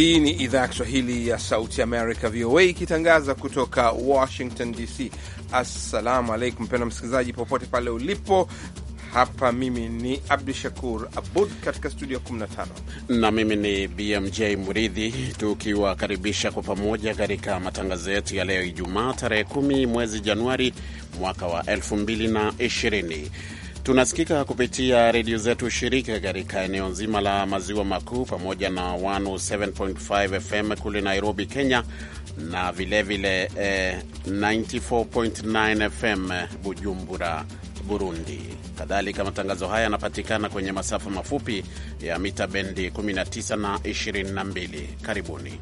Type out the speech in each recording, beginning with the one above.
Hii ni idhaa ya Kiswahili ya Sauti Amerika, VOA, ikitangaza kutoka Washington DC. Assalamu alaikum, mpendwa msikilizaji, popote pale ulipo. Hapa mimi ni Abdu Shakur Abud katika studio 15 na mimi ni BMJ Muridhi, tukiwakaribisha kwa pamoja katika matangazo yetu ya leo Ijumaa tarehe 10 mwezi Januari mwaka wa 2020. Tunasikika kupitia redio zetu shirika katika eneo nzima la maziwa makuu pamoja na 107.5 FM kule Nairobi, Kenya, na vilevile vile, eh, 94.9 FM Bujumbura, Burundi. Kadhalika, matangazo haya yanapatikana kwenye masafa mafupi ya mita bendi 19 na 22. Karibuni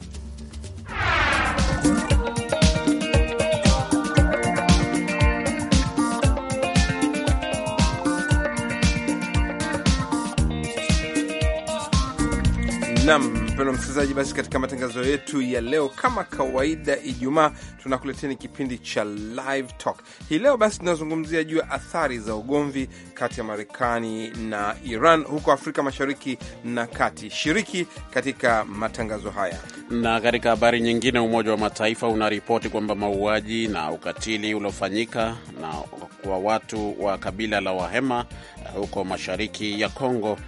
Nam mpendo msikilizaji, basi katika matangazo yetu ya leo, kama kawaida Ijumaa, tunakuletea ni kipindi cha Live Talk hii leo. Basi tunazungumzia juu ya athari za ugomvi kati ya Marekani na Iran huko Afrika Mashariki na Kati. Shiriki katika matangazo haya. Na katika habari nyingine, Umoja wa Mataifa unaripoti kwamba mauaji na ukatili uliofanyika na kwa watu wa kabila la Wahema huko mashariki ya Kongo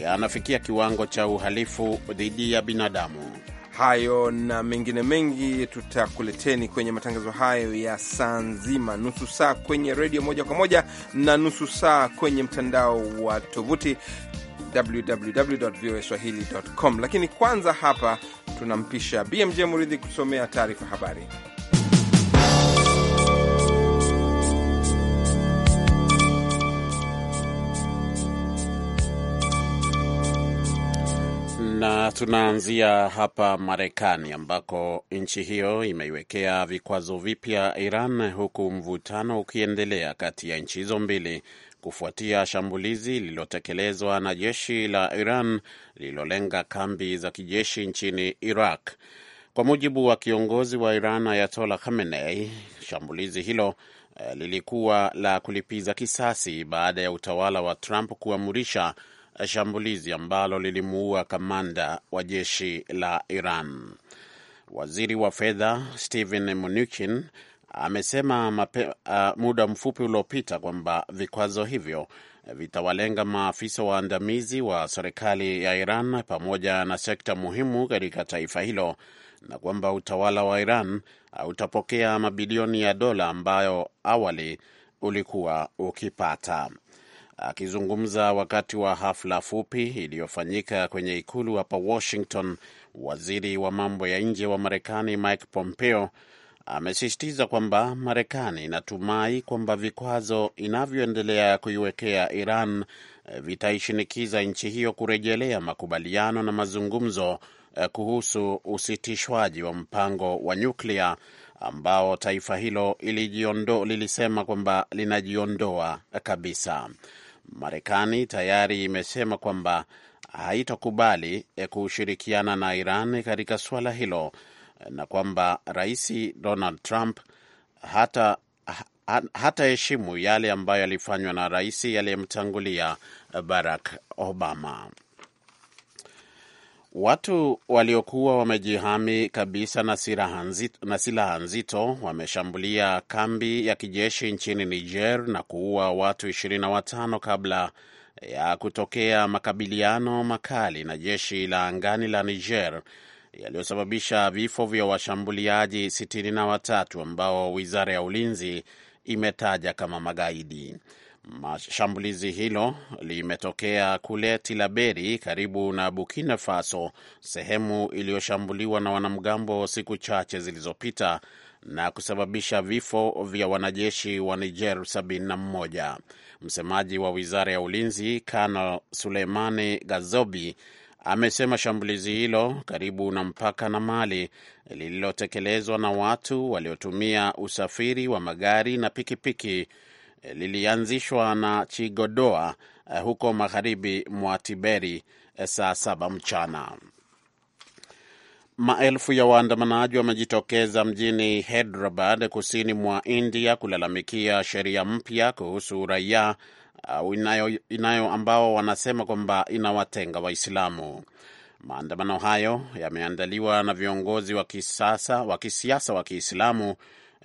yanafikia eh, kiwango cha uhalifu dhidi ya binadamu. Hayo na mengine mengi tutakuleteni kwenye matangazo hayo ya saa nzima, nusu saa kwenye redio moja kwa moja na nusu saa kwenye mtandao wa tovuti www.voaswahili.com. Lakini kwanza hapa tunampisha BMJ Muridhi kusomea taarifa habari. na tunaanzia hapa Marekani ambako nchi hiyo imeiwekea vikwazo vipya Iran huku mvutano ukiendelea kati ya nchi hizo mbili kufuatia shambulizi lililotekelezwa na jeshi la Iran lililolenga kambi za kijeshi nchini Iraq. Kwa mujibu wa kiongozi wa Iran Ayatollah Khamenei, shambulizi hilo eh, lilikuwa la kulipiza kisasi baada ya utawala wa Trump kuamurisha shambulizi ambalo lilimuua kamanda wa jeshi la Iran. Waziri wa fedha stehen Mnuchin amesema mape, uh, muda mfupi uliopita kwamba vikwazo hivyo vitawalenga maafisa waandamizi wa, wa serikali ya Iran pamoja na sekta muhimu katika taifa hilo na kwamba utawala wa Iran utapokea mabilioni ya dola ambayo awali ulikuwa ukipata. Akizungumza wakati wa hafla fupi iliyofanyika kwenye ikulu hapa Washington, waziri wa mambo ya nje wa Marekani Mike Pompeo amesisitiza kwamba Marekani inatumai kwamba vikwazo inavyoendelea kuiwekea Iran eh, vitaishinikiza nchi hiyo kurejelea makubaliano na mazungumzo eh, kuhusu usitishwaji wa mpango wa nyuklia ambao taifa hilo lilisema kwamba linajiondoa kabisa. Marekani tayari imesema kwamba haitakubali kushirikiana na Iran katika suala hilo na kwamba Rais Donald Trump hata hataheshimu yale ambayo yalifanywa na rais aliyemtangulia Barack Obama. Watu waliokuwa wamejihami kabisa na silaha nzito wameshambulia kambi ya kijeshi nchini Niger na kuua watu 25 kabla ya kutokea makabiliano makali na jeshi la angani la Niger yaliyosababisha vifo vya washambuliaji 63 ambao wizara ya ulinzi imetaja kama magaidi. Shambulizi hilo limetokea kule Tilaberi karibu na Burkina Faso, sehemu iliyoshambuliwa na wanamgambo siku chache zilizopita na kusababisha vifo vya wanajeshi wa Niger 71. Msemaji wa wizara ya ulinzi Kanal Suleimani Gazobi amesema shambulizi hilo karibu na mpaka na Mali lililotekelezwa na watu waliotumia usafiri wa magari na pikipiki Eh, lilianzishwa na Chigodoa eh, huko magharibi mwa Tiberi eh, saa saba mchana. Maelfu ya waandamanaji wamejitokeza mjini Hyderabad kusini mwa India kulalamikia sheria mpya kuhusu raia uh, inayo, inayo ambao wanasema kwamba inawatenga Waislamu. Maandamano hayo yameandaliwa na viongozi wa kisasa wa kisiasa wa Kiislamu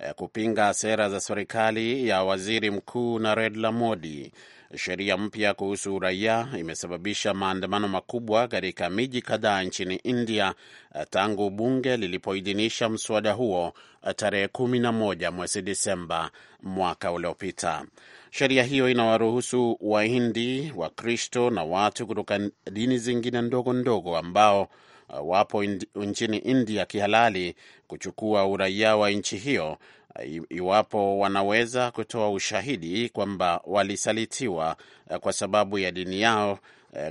Eh, kupinga sera za serikali ya waziri mkuu Narendra Modi. Sheria mpya kuhusu uraia imesababisha maandamano makubwa katika miji kadhaa nchini India eh, tangu bunge lilipoidhinisha mswada huo eh, tarehe 11 mwezi Disemba mwaka uliopita. Sheria hiyo inawaruhusu Wahindi, Wakristo na watu kutoka dini zingine ndogo ndogo ambao Uh, wapo indi, nchini India kihalali kuchukua uraia wa nchi hiyo uh, iwapo wanaweza kutoa ushahidi kwamba walisalitiwa uh, kwa sababu ya dini yao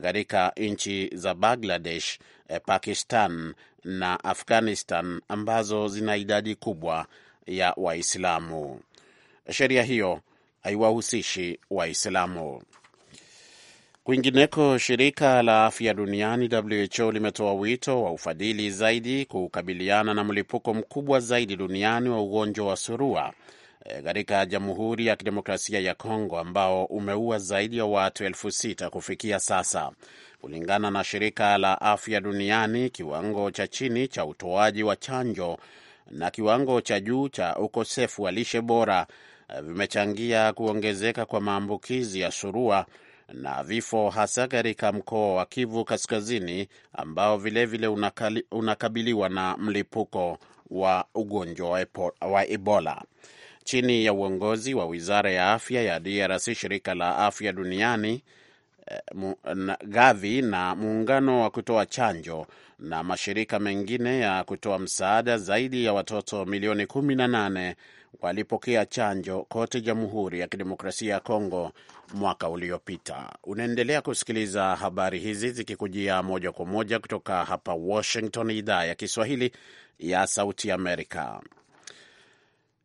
katika nchi za Bangladesh, Pakistan na Afghanistan ambazo zina idadi kubwa ya Waislamu. Sheria hiyo haiwahusishi Waislamu. Kwingineko, shirika la afya duniani WHO limetoa wito wa ufadhili zaidi kukabiliana na mlipuko mkubwa zaidi duniani wa ugonjwa wa surua eh, katika Jamhuri ya Kidemokrasia ya Kongo ambao umeua zaidi ya watu elfu sita kufikia sasa. Kulingana na shirika la afya duniani, kiwango cha chini cha utoaji wa chanjo na kiwango cha juu cha ukosefu wa lishe bora eh, vimechangia kuongezeka kwa maambukizi ya surua na vifo hasa katika mkoa wa Kivu Kaskazini ambao vilevile vile unakabiliwa na mlipuko wa ugonjwa wa Ebola. Chini ya uongozi wa wizara ya afya ya DRC, shirika la afya duniani eh, Gavi na muungano wa kutoa chanjo na mashirika mengine ya kutoa msaada, zaidi ya watoto milioni 18 walipokea chanjo kote Jamhuri ya Kidemokrasia ya Kongo mwaka uliopita. Unaendelea kusikiliza habari hizi zikikujia moja kwa moja kutoka hapa Washington, idhaa ya Kiswahili ya Sauti Amerika.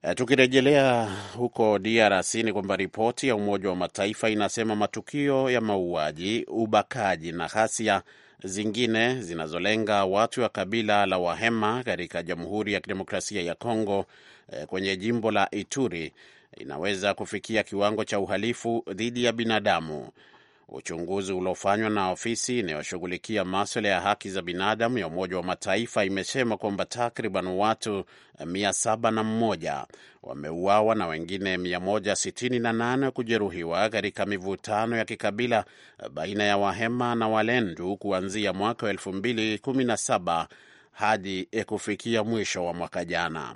Eh, tukirejelea huko DRC ni kwamba ripoti ya Umoja wa Mataifa inasema matukio ya mauaji, ubakaji na ghasia zingine zinazolenga watu wa kabila la Wahema katika Jamhuri ya Kidemokrasia ya Kongo eh, kwenye jimbo la Ituri inaweza kufikia kiwango cha uhalifu dhidi ya binadamu. Uchunguzi uliofanywa na ofisi inayoshughulikia maswala ya haki za binadamu ya Umoja wa Mataifa imesema kwamba takriban watu 701 wameuawa na wengine 168 kujeruhiwa katika mivutano ya kikabila baina ya Wahema na Walendu kuanzia mwaka 2017 hadi kufikia mwisho wa mwaka jana,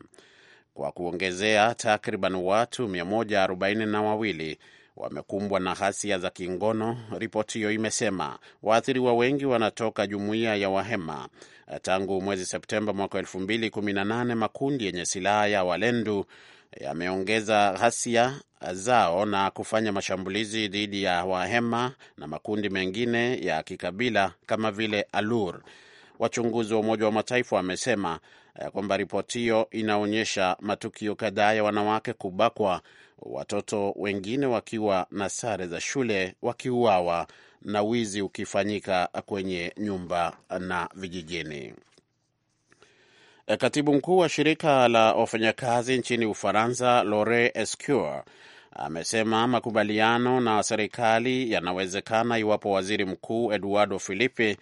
kwa kuongezea takriban watu 142 wamekumbwa na ghasia za kingono, ripoti hiyo imesema. Waathiriwa wengi wanatoka jumuiya ya Wahema. Tangu mwezi Septemba mwaka nane, makundi yenye silaha ya Walendu yameongeza ghasia zao na kufanya mashambulizi dhidi ya Wahema na makundi mengine ya kikabila kama vile Alur. Wachunguzi wa Umoja wa Mataifa wamesema eh, kwamba ripoti hiyo inaonyesha matukio kadhaa ya wanawake kubakwa watoto wengine wakiwa na sare za shule wakiuawa na wizi ukifanyika kwenye nyumba na vijijini. E, katibu mkuu wa shirika la wafanyakazi nchini Ufaransa, lore Escure, amesema makubaliano na serikali yanawezekana iwapo waziri mkuu Eduardo Philippe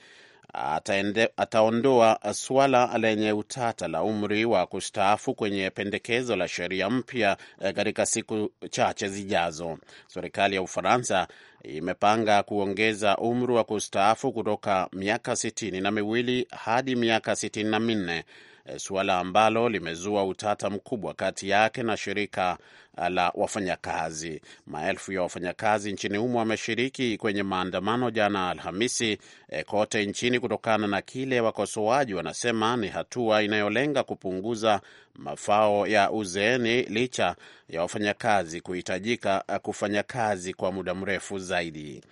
ataende, ataondoa suala lenye utata la umri wa kustaafu kwenye pendekezo la sheria mpya eh, katika siku chache zijazo. Serikali ya Ufaransa imepanga kuongeza umri wa kustaafu kutoka miaka sitini na miwili hadi miaka sitini na minne Eh, suala ambalo limezua utata mkubwa kati yake na shirika eh, la wafanyakazi. Maelfu ya wafanyakazi nchini humo wameshiriki kwenye maandamano jana Alhamisi eh, kote nchini kutokana na kile wakosoaji wanasema ni hatua inayolenga kupunguza mafao ya uzeeni licha ya wafanyakazi kuhitajika kufanya kazi kwa muda mrefu zaidi.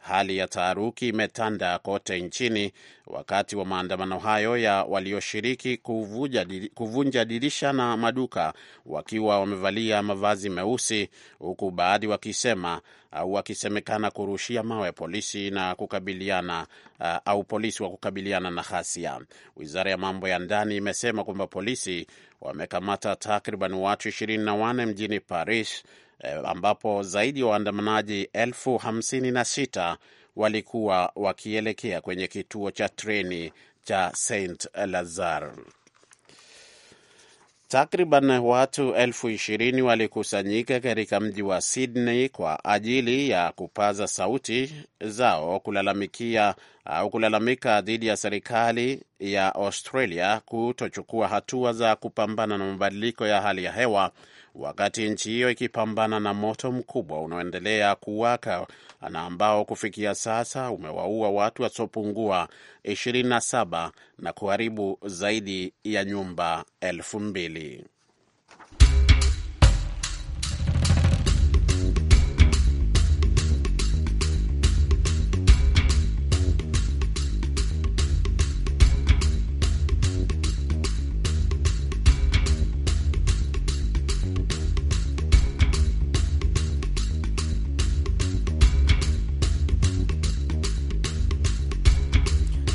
Hali ya taharuki imetanda kote nchini wakati wa maandamano hayo ya walioshiriki kuvunja dirisha na maduka wakiwa wamevalia mavazi meusi, huku baadhi wakisema au wakisemekana kurushia mawe polisi na kukabiliana uh, au polisi wa kukabiliana na ghasia. Wizara ya mambo ya ndani imesema kwamba polisi wamekamata takriban watu ishirini na wanne mjini Paris Eh, ambapo zaidi ya waandamanaji elfu hamsini na sita walikuwa wakielekea kwenye kituo cha treni cha st Lazar. Takriban watu elfu ishirini walikusanyika katika mji wa Sydney kwa ajili ya kupaza sauti zao kulalamikia au kulalamika dhidi ya serikali ya Australia kutochukua hatua za kupambana na mabadiliko ya hali ya hewa wakati nchi hiyo ikipambana na moto mkubwa unaoendelea kuwaka na ambao kufikia sasa umewaua watu wasiopungua 27 na kuharibu zaidi ya nyumba elfu mbili.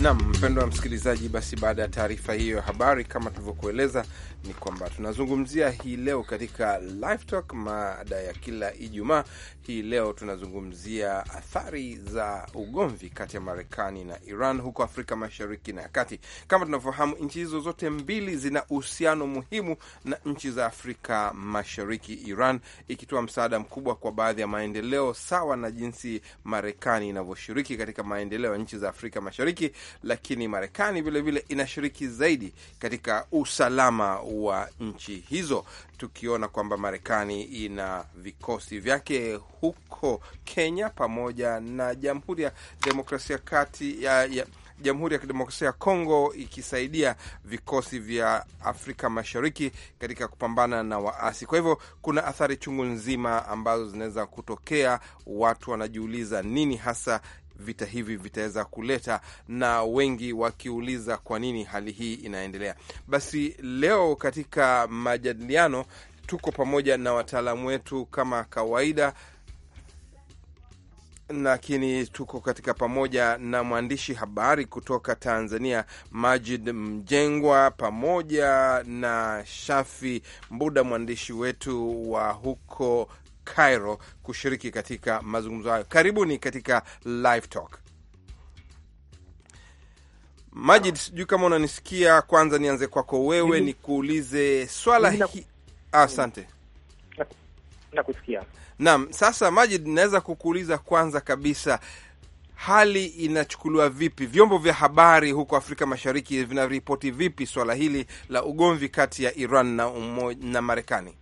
Naam, wa msikilizaji, basi baada ya taarifa hiyo ya habari, kama tulivyokueleza, ni kwamba tunazungumzia hii leo katika Live Talk, mada ya kila Ijumaa. Hii leo tunazungumzia athari za ugomvi kati ya Marekani na Iran huko Afrika Mashariki na ya Kati. Kama tunavyofahamu, nchi hizo zote mbili zina uhusiano muhimu na nchi za Afrika Mashariki, Iran ikitoa msaada mkubwa kwa baadhi ya maendeleo sawa na jinsi Marekani inavyoshiriki katika maendeleo ya nchi za Afrika Mashariki, lakini lakini Marekani vilevile inashiriki zaidi katika usalama wa nchi hizo, tukiona kwamba Marekani ina vikosi vyake huko Kenya pamoja na Jamhuri ya Demokrasia kati ya, ya Jamhuri ya Kidemokrasia ya Kongo ikisaidia vikosi vya Afrika Mashariki katika kupambana na waasi. Kwa hivyo kuna athari chungu nzima ambazo zinaweza kutokea. Watu wanajiuliza nini hasa vita hivi vitaweza kuleta, na wengi wakiuliza kwa nini hali hii inaendelea. Basi leo katika majadiliano tuko pamoja na wataalamu wetu kama kawaida lakini tuko katika pamoja na mwandishi habari kutoka Tanzania Majid Mjengwa, pamoja na Shafi Mbuda, mwandishi wetu wa huko Cairo kushiriki katika mazungumzo hayo. Karibuni katika Live Talk. Majid, sijui kama unanisikia. Kwanza nianze kwako wewe, nikuulize swala hi... Asante. Nakusikia. Naam, sasa Majid, naweza kukuuliza kwanza kabisa hali inachukuliwa vipi? Vyombo vya habari huko Afrika Mashariki vinaripoti vipi swala hili la ugomvi kati ya Iran na, na Marekani?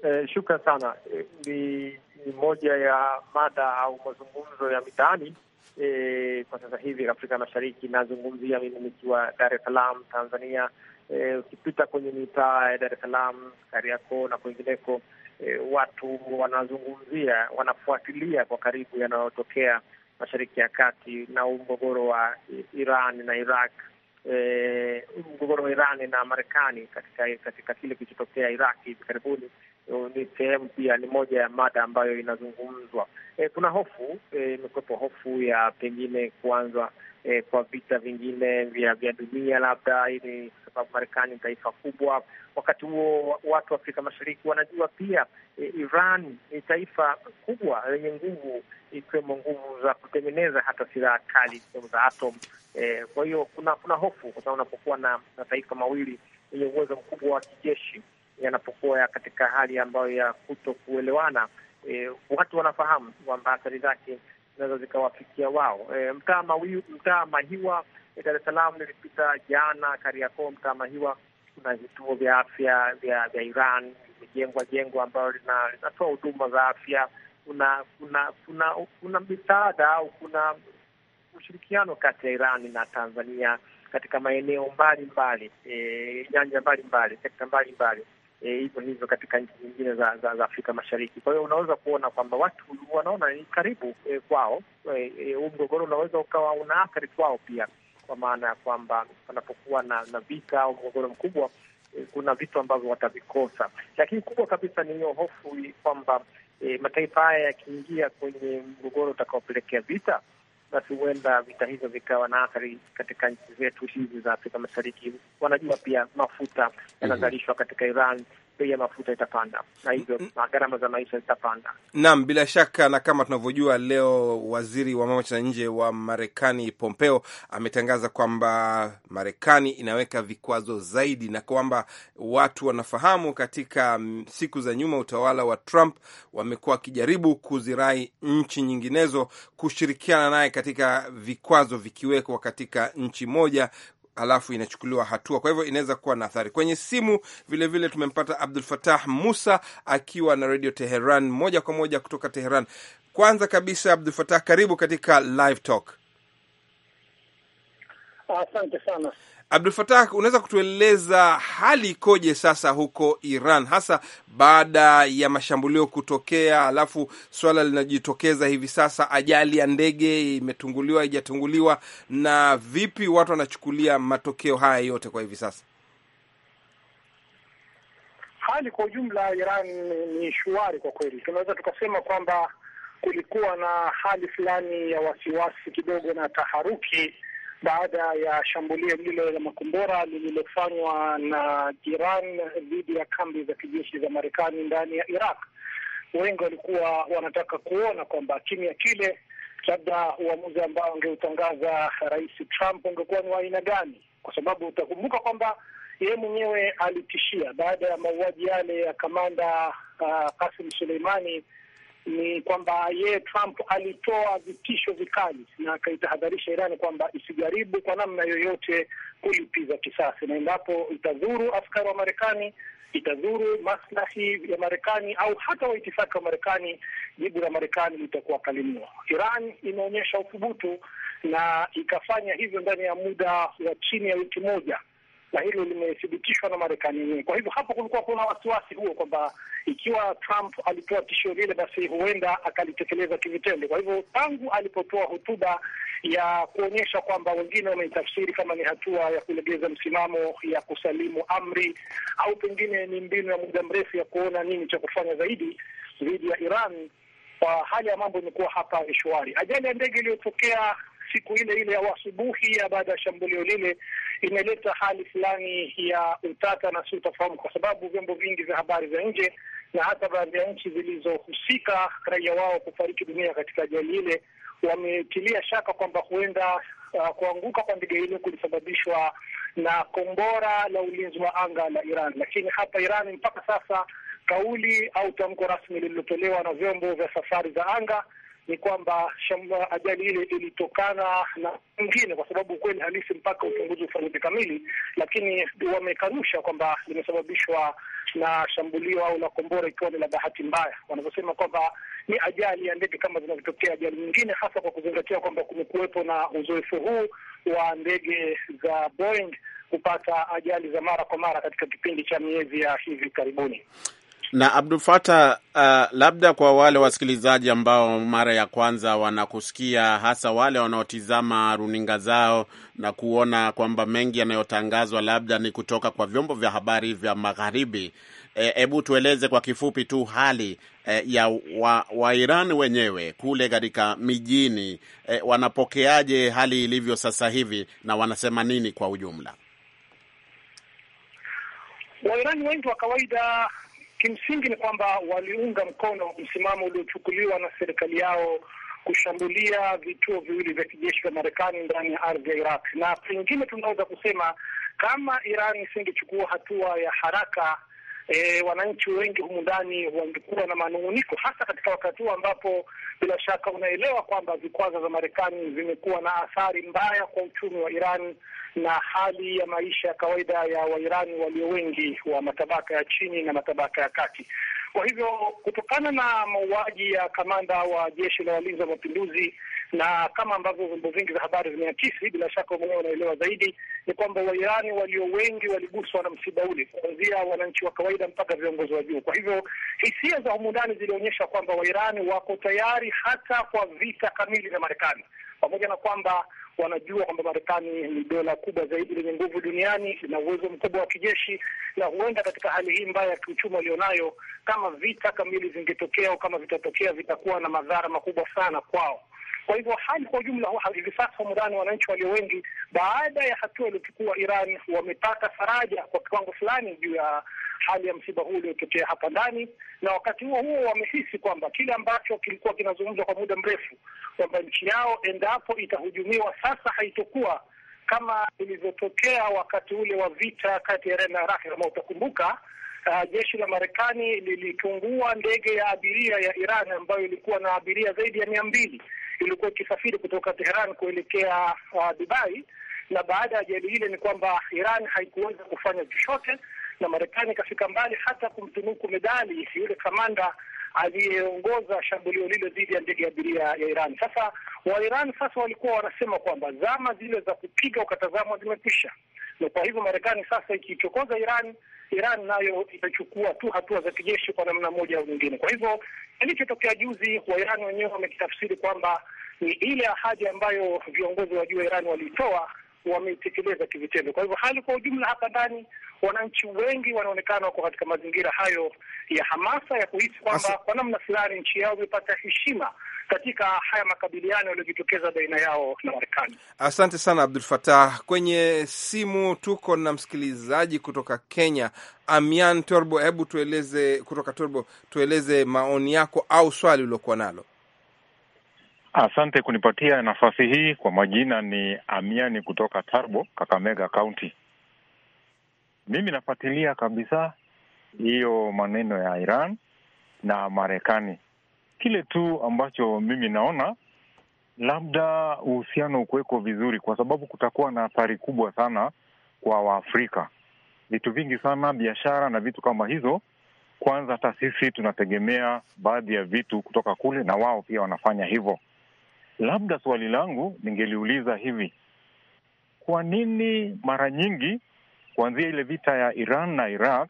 E, shukran sana. Eh, ni, ni moja ya mada au mazungumzo ya mitaani eh, kwa sasa hivi Afrika Mashariki. Nazungumzia mimi nikiwa Dar es Salaam, Tanzania. Eh, ukipita kwenye mitaa ya Dar es Salaam, Kariakoo na kwingineko, eh, watu wanazungumzia, wanafuatilia kwa karibu yanayotokea Mashariki ya Kati na mgogoro wa Iran na Iraq mgogoro wa Irani na Marekani katika katika kile kilichotokea Iraq hivi karibuni, ni sehemu pia, ni moja ya mada ambayo inazungumzwa. E, kuna hofu e, imekuwepo, hofu ya pengine kuanza e, kwa vita vingine vya vya dunia labda, ili sababu Marekani ni taifa kubwa. Wakati huo watu wa Afrika Mashariki wanajua pia e, Iran ni taifa kubwa lenye nguvu, ikiwemo nguvu za kutengeneza hata silaha kali sehemu za atom. E, kwa hiyo kuna kuna hofu kwa sababu unapokuwa na, na taifa mawili yenye uwezo mkubwa wa kijeshi yanapokuwa katika hali ambayo ya kuto kuelewana, e, watu wanafahamu kwamba athari zake zinaweza zikawafikia wao. E, mtaa mtaa Mahiwa e, Dar es Salaam nilipita jana, Kariakoo, mtaa Mahiwa kuna vituo vya afya vya vya Iran vimejengwa jengo ambalo linatoa huduma za afya. Kuna kuna kuna kuna misaada au kuna ushirikiano kati ya Iran na Tanzania katika maeneo mbalimbali, e, nyanja mbalimbali, sekta mbalimbali. Eh, hivyo e, hivyo katika nchi nyingine za, za, za Afrika Mashariki. Kwa hiyo unaweza kuona kwamba watu wanaona ni karibu e, kwao eh, huu e, e, mgogoro unaweza ukawa una athari kwao pia, kwa maana ya kwamba panapokuwa na, na vita au mgogoro mkubwa e, kuna vitu ambavyo watavikosa, lakini kubwa kabisa ni hiyo hofu kwamba e, mataifa haya yakiingia kwenye mgogoro utakaopelekea vita basi huenda vita hivyo vikawa na athari katika nchi zetu hizi za Afrika Mashariki. Wanajua pia mafuta mhm. yanazalishwa katika Iran bei ya mafuta itapanda na hivyo gharama za maisha zitapanda. Naam, bila shaka. Na kama tunavyojua leo, waziri wa mambo ya nje wa Marekani Pompeo ametangaza kwamba Marekani inaweka vikwazo zaidi, na kwamba watu wanafahamu, katika mm, siku za nyuma utawala wa Trump wamekuwa wakijaribu kuzirai nchi nyinginezo kushirikiana naye katika vikwazo, vikiwekwa katika nchi moja alafu inachukuliwa hatua. Kwa hivyo inaweza kuwa na athari kwenye simu. Vilevile vile tumempata Abdul Fatah Musa akiwa na Redio Teheran moja kwa moja kutoka Teheran. Kwanza kabisa, Abdul Fatah, karibu katika Live Talk. Asante sana. Abdul Fatah, unaweza kutueleza hali ikoje sasa huko Iran, hasa baada ya mashambulio kutokea, alafu swala linajitokeza hivi sasa, ajali ya ndege imetunguliwa, haijatunguliwa, na vipi watu wanachukulia matokeo haya yote kwa hivi sasa? Hali kwa ujumla Iran ni shwari kwa kweli, tunaweza tukasema kwamba kulikuwa na hali fulani ya wasiwasi kidogo na taharuki baada ya shambulio lile la makombora lililofanywa na Iran dhidi ya kambi za kijeshi za Marekani ndani ya Iraq. Wengi walikuwa wanataka kuona kwamba kimya kile, labda uamuzi ambao angeutangaza Rais Trump ungekuwa ni wa aina gani, kwa sababu utakumbuka kwamba yeye mwenyewe alitishia baada ya mauaji yale ya kamanda uh, Kasim Suleimani ni kwamba yeye Trump alitoa vitisho vikali na akaitahadharisha Irani kwamba isijaribu kwa namna yoyote kulipiza kisasi, na endapo itadhuru askari wa Marekani, itadhuru maslahi ya Marekani au hata waitifaki wa Marekani, jibu la Marekani litakuwa kalimiwa. Iran imeonyesha uthubutu na ikafanya hivyo ndani ya muda wa chini ya wiki moja na hilo limethibitishwa na Marekani yenyewe. Kwa hivyo hapo kulikuwa kuna wasiwasi huo kwamba ikiwa Trump alitoa tishio lile, basi huenda akalitekeleza kivitendo. Kwa hivyo tangu alipotoa hotuba ya kuonyesha kwamba wengine wameitafsiri kama ni hatua ya kulegeza msimamo, ya kusalimu amri, au pengine ni mbinu ya muda mrefu ya kuona nini cha kufanya zaidi dhidi ya Iran, kwa hali ya mambo imekuwa hapa ni shwari. Ajali ya ndege iliyotokea siku ile ile au asubuhi ya baada ya shambulio lile, imeleta hali fulani ya utata na si utafahamu, kwa sababu vyombo vingi vya habari za nje na hata baadhi ya nchi zilizohusika raia wao kufariki dunia katika ajali ile wametilia shaka kwamba huenda uh, kuanguka kwa ndege ile kulisababishwa na kombora la ulinzi wa anga la Iran. Lakini hapa Iran mpaka sasa kauli au tamko rasmi lililotolewa na vyombo vya safari za anga ni kwamba ajali ile ilitokana na mwingine, kwa sababu ukweli halisi mpaka uchunguzi ufanyike kamili, lakini wamekanusha kwamba limesababishwa na shambulio au la kombora, ikiwa ni la bahati mbaya. Wanavyosema kwamba ni ajali ya ndege kama zinavyotokea ajali nyingine, hasa kwa kuzingatia kwamba kumekuwepo na uzoefu huu wa ndege za Boeing kupata ajali za mara kwa mara katika kipindi cha miezi ya hivi karibuni na Abdul Fatah, uh, labda kwa wale wasikilizaji ambao mara ya kwanza wanakusikia, hasa wale wanaotizama runinga zao na kuona kwamba mengi yanayotangazwa labda ni kutoka kwa vyombo vya habari vya magharibi, e, hebu e, tueleze kwa kifupi tu hali e, ya Wairani wa wenyewe kule katika mijini e, wanapokeaje hali ilivyo sasa hivi na wanasema nini kwa ujumla? Wairani wengi wa kawaida Kimsingi ni kwamba waliunga mkono msimamo uliochukuliwa na serikali yao kushambulia vituo viwili vya kijeshi vya Marekani ndani ya ardhi ya Iraq, na pengine tunaweza kusema kama Iran isingechukua hatua ya haraka e, wananchi wengi humu ndani wangekuwa na manung'uniko, hasa katika wakati huu ambapo bila shaka unaelewa kwamba vikwazo vya Marekani vimekuwa na athari mbaya kwa uchumi wa Iran na hali ya maisha ya kawaida ya Wairani walio wengi wa matabaka ya chini na matabaka ya kati. Kwa hivyo kutokana na mauaji ya kamanda wa jeshi la walinzi wa mapinduzi na kama ambavyo vyombo vingi vya habari vimeakisi, bila shaka mwenyewe unaelewa zaidi, ni kwamba Wairani walio wengi waliguswa na msiba ule, kuanzia wananchi wa kawaida mpaka viongozi wa juu. Kwa hivyo hisia za humu ndani zilionyesha kwamba Wairani wako tayari hata kwa vita kamili na Marekani, pamoja na kwamba wanajua kwamba Marekani ni dola kubwa zaidi lenye nguvu duniani ina uwezo mkubwa wa kijeshi, na huenda katika hali hii mbaya ya kiuchumi walionayo, kama vita kamili zingetokea au kama vitatokea, vitakuwa na madhara makubwa sana kwao. Kwa hivyo hali kwa ujumla, hivi sasa mudani, wananchi walio wengi, baada ya hatua iliyochukua Iran, wamepata faraja kwa kiwango fulani juu ya hali ya msiba huu uliotokea hapa ndani, na wakati huo huo wamehisi kwamba kile ambacho kilikuwa kinazungumzwa kwa muda mrefu kwamba nchi yao endapo itahujumiwa sasa haitokuwa kama ilivyotokea wakati ule wa vita kati ya Iran na Iraq. Kama utakumbuka, uh, jeshi la Marekani lilitungua ndege ya abiria ya Iran ambayo ilikuwa na abiria zaidi ya mia mbili ilikuwa ikisafiri kutoka Teheran kuelekea uh, Dubai, na baada ya ajali ile ni kwamba Iran haikuweza kufanya chochote na Marekani ikafika mbali hata kumtunuku medali yule kamanda aliyeongoza shambulio lile dhidi ya ndege ya abiria ya Iran. Sasa wairan sasa walikuwa wanasema kwamba zama zile za kupiga ukatazamwa zimekwisha na kwa hivyo Marekani sasa ikichokoza Iran, Iran nayo itachukua tu hatua za kijeshi kwa namna moja au nyingine. Kwa hivyo kilichotokea juzi, Wairani wenyewe wamekitafsiri kwamba ni ile ahadi ambayo viongozi wa juu wa Iran walitoa wameitekeleza kivitendo. Kwa hivyo hali kwa ujumla hapa ndani, wananchi wengi wanaonekana wako katika mazingira hayo ya hamasa ya kuhisi kwamba kwa namna fulani nchi yao imepata heshima katika haya makabiliano yaliyojitokeza baina yao na Marekani. Asante sana Abdul Fatah. Kwenye simu tuko na msikilizaji kutoka Kenya, Amian Torbo. Hebu tueleze kutoka Torbo, tueleze maoni yako au swali uliokuwa nalo. Asante kunipatia nafasi hii. Kwa majina ni Amiani kutoka Tarbo, Kakamega Kaunti. Mimi nafuatilia kabisa hiyo maneno ya Iran na Marekani Kile tu ambacho mimi naona labda uhusiano ukuweko vizuri, kwa sababu kutakuwa na athari kubwa sana kwa Waafrika, vitu vingi sana, biashara na vitu kama hizo. Kwanza hata sisi tunategemea baadhi ya vitu kutoka kule, na wao pia wanafanya hivyo. Labda swali langu ningeliuliza hivi, kwa nini mara nyingi kuanzia ile vita ya Iran na Iraq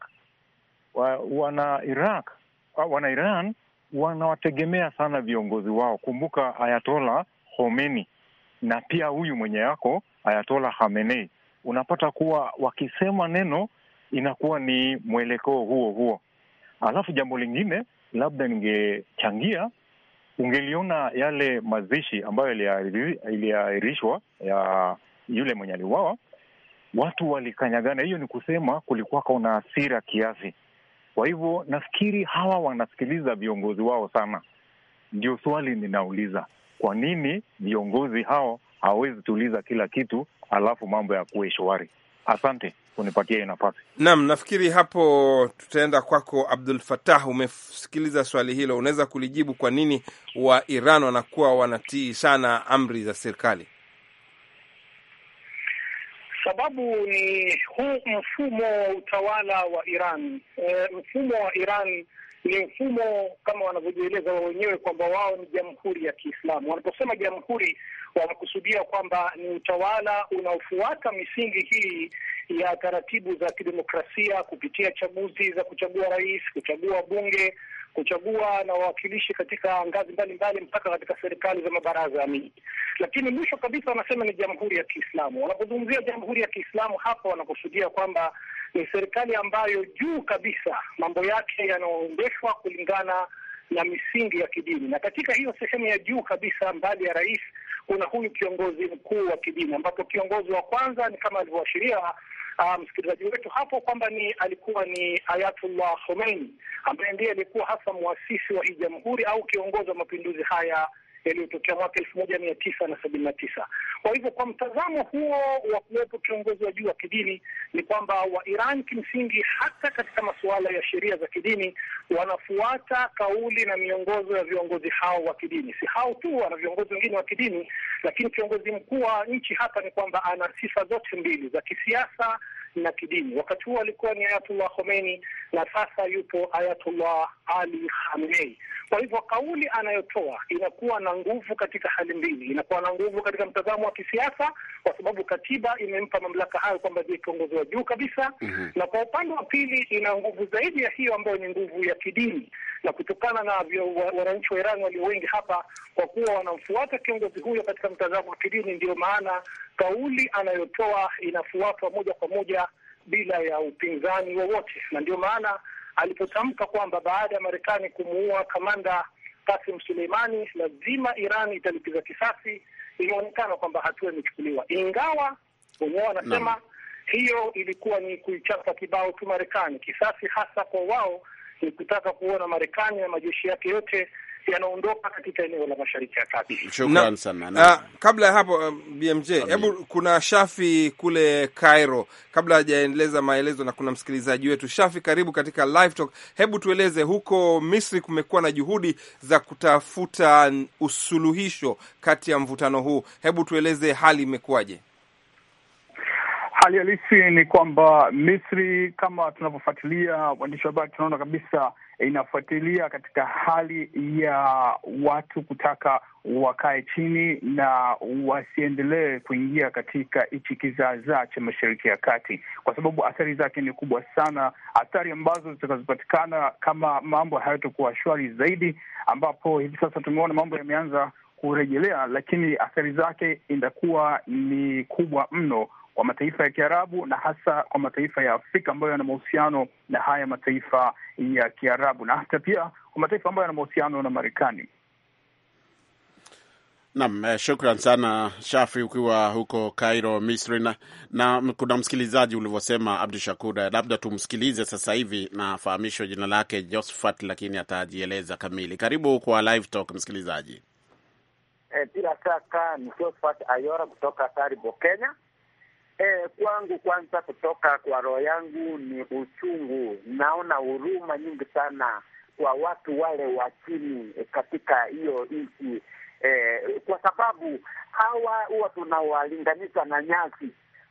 wa, wana Iraq wana Iran wanawategemea sana viongozi wao. Kumbuka Ayatola homeni na pia huyu mwenye yako Ayatola hamenei unapata kuwa wakisema neno inakuwa ni mwelekeo huo huo. Alafu jambo lingine labda ningechangia, ungeliona yale mazishi ambayo iliahirishwa ya yule mwenye aliuawa, watu walikanyagana. Hiyo ni kusema kulikuwa kuna hasira kiasi, kwa hivyo nafikiri hawa wanasikiliza viongozi wao sana. Ndio swali ninauliza, kwa nini viongozi hao hawawezi tuuliza kila kitu alafu mambo ya kuwe shwari? Asante kunipatia nafasi. Naam, nafikiri hapo tutaenda kwako Abdul Fatah. Umesikiliza swali hilo, unaweza kulijibu, kwa nini wa Iran wanakuwa wanatii sana amri za serikali? Sababu ni huu mfumo wa utawala wa Iran. E, mfumo wa Iran ni mfumo kama wanavyojieleza wao wenyewe kwamba wao ni jamhuri ya Kiislamu. Wanaposema jamhuri, wamekusudia kwamba ni utawala unaofuata misingi hii ya taratibu za kidemokrasia kupitia chaguzi za kuchagua rais, kuchagua bunge kuchagua na wawakilishi katika ngazi mbalimbali mpaka katika serikali za mabaraza ya miji. Lakini mwisho kabisa wanasema ni jamhuri ya Kiislamu. Wanapozungumzia jamhuri ya Kiislamu hapa wanakusudia kwamba ni serikali ambayo juu kabisa mambo yake yanaoendeshwa kulingana na misingi ya kidini, na katika hiyo sehemu ya juu kabisa, mbali ya rais, kuna huyu kiongozi mkuu wa kidini, ambapo kiongozi wa kwanza ni kama alivyoashiria Ah, msikilizaji um, wetu hapo kwamba ni alikuwa ni Ayatullah Khomeini ambaye ndiye alikuwa hasa mwasisi wa hii jamhuri au kiongozi wa mapinduzi haya yaliyotokea mwaka elfu moja mia tisa na sabini na tisa. Kwa hivyo kwa mtazamo huo wa kuwepo kiongozi wa juu wa kidini ni kwamba Iran kimsingi, hata katika masuala ya sheria za kidini, wanafuata kauli na miongozo ya viongozi hao wa kidini. Si hao tu, wana viongozi wengine wa kidini, lakini kiongozi mkuu wa nchi hapa ni kwamba ana sifa zote mbili za kisiasa na kidini. Wakati huo alikuwa ni Ayatullah Khomeini na sasa yupo Ayatullah Ali Khamenei. Kwa hivyo kauli anayotoa inakuwa na nguvu katika hali mbili, inakuwa na nguvu katika mtazamo wa kisiasa, kwa sababu katiba imempa mamlaka hayo kwamba ndiye kiongozi wa juu kabisa mm -hmm. na kwa upande wa pili ina nguvu zaidi ya hiyo ambayo ni nguvu ya kidini, na kutokana na wananchi wa Iran walio wengi hapa, kwa kuwa wanamfuata kiongozi huyo katika mtazamo wa kidini, ndio maana kauli anayotoa inafuatwa moja kwa moja bila ya upinzani wowote, na ndio maana alipotamka kwamba baada ya Marekani kumuua kamanda Kasim Suleimani lazima Iran italipiza kisasi, ilionekana kwamba hatua imechukuliwa, ingawa wenyewe wanasema hiyo ilikuwa ni kuichapa kibao tu Marekani. Kisasi hasa kwa wao ni kutaka kuona Marekani na majeshi yake yote yanaondoka katika eneo la Mashariki ya Kati. Shukran sana na, ah, kabla ya hapo um, BMJ hebu kuna Shafi kule Cairo, kabla hajaendeleza maelezo, na kuna msikilizaji wetu Shafi, karibu katika Live Talk. Hebu tueleze, huko Misri kumekuwa na juhudi za kutafuta usuluhisho kati ya mvutano huu, hebu tueleze hali imekuwaje? Hali halisi ni kwamba Misri, kama tunavyofuatilia waandishi wa habari, tunaona kabisa inafuatilia katika hali ya watu kutaka wakae chini na wasiendelee kuingia katika hichi kizaazaa cha Mashariki ya Kati, kwa sababu athari zake ni kubwa sana, athari ambazo zitakazopatikana kama mambo hayatokuwa shwari zaidi, ambapo hivi sasa tumeona mambo yameanza kurejelea, lakini athari zake itakuwa ni kubwa mno wa mataifa ya Kiarabu na hasa kwa mataifa ya Afrika ambayo yana mahusiano na haya mataifa ya Kiarabu na hata pia kwa mataifa ambayo yana mahusiano na Marekani. Nam, eh, shukran sana Shafi, ukiwa huko Cairo, Misri. Na, na kuna msikilizaji ulivyosema, Abdu Shakur, eh, labda tumsikilize sasa hivi na afahamishwe jina lake Josphat, lakini atajieleza kamili. Karibu kwa Live Talk, msikilizaji. Eh, bila e, shaka ni Josphat Ayora kutoka Taribo, Kenya. Eh, kwangu kwanza, kutoka kwa roho yangu ni uchungu. Naona huruma nyingi sana kwa watu wale wa chini eh, katika hiyo nchi eh, kwa sababu hawa huwa tunawalinganisha na nyasi.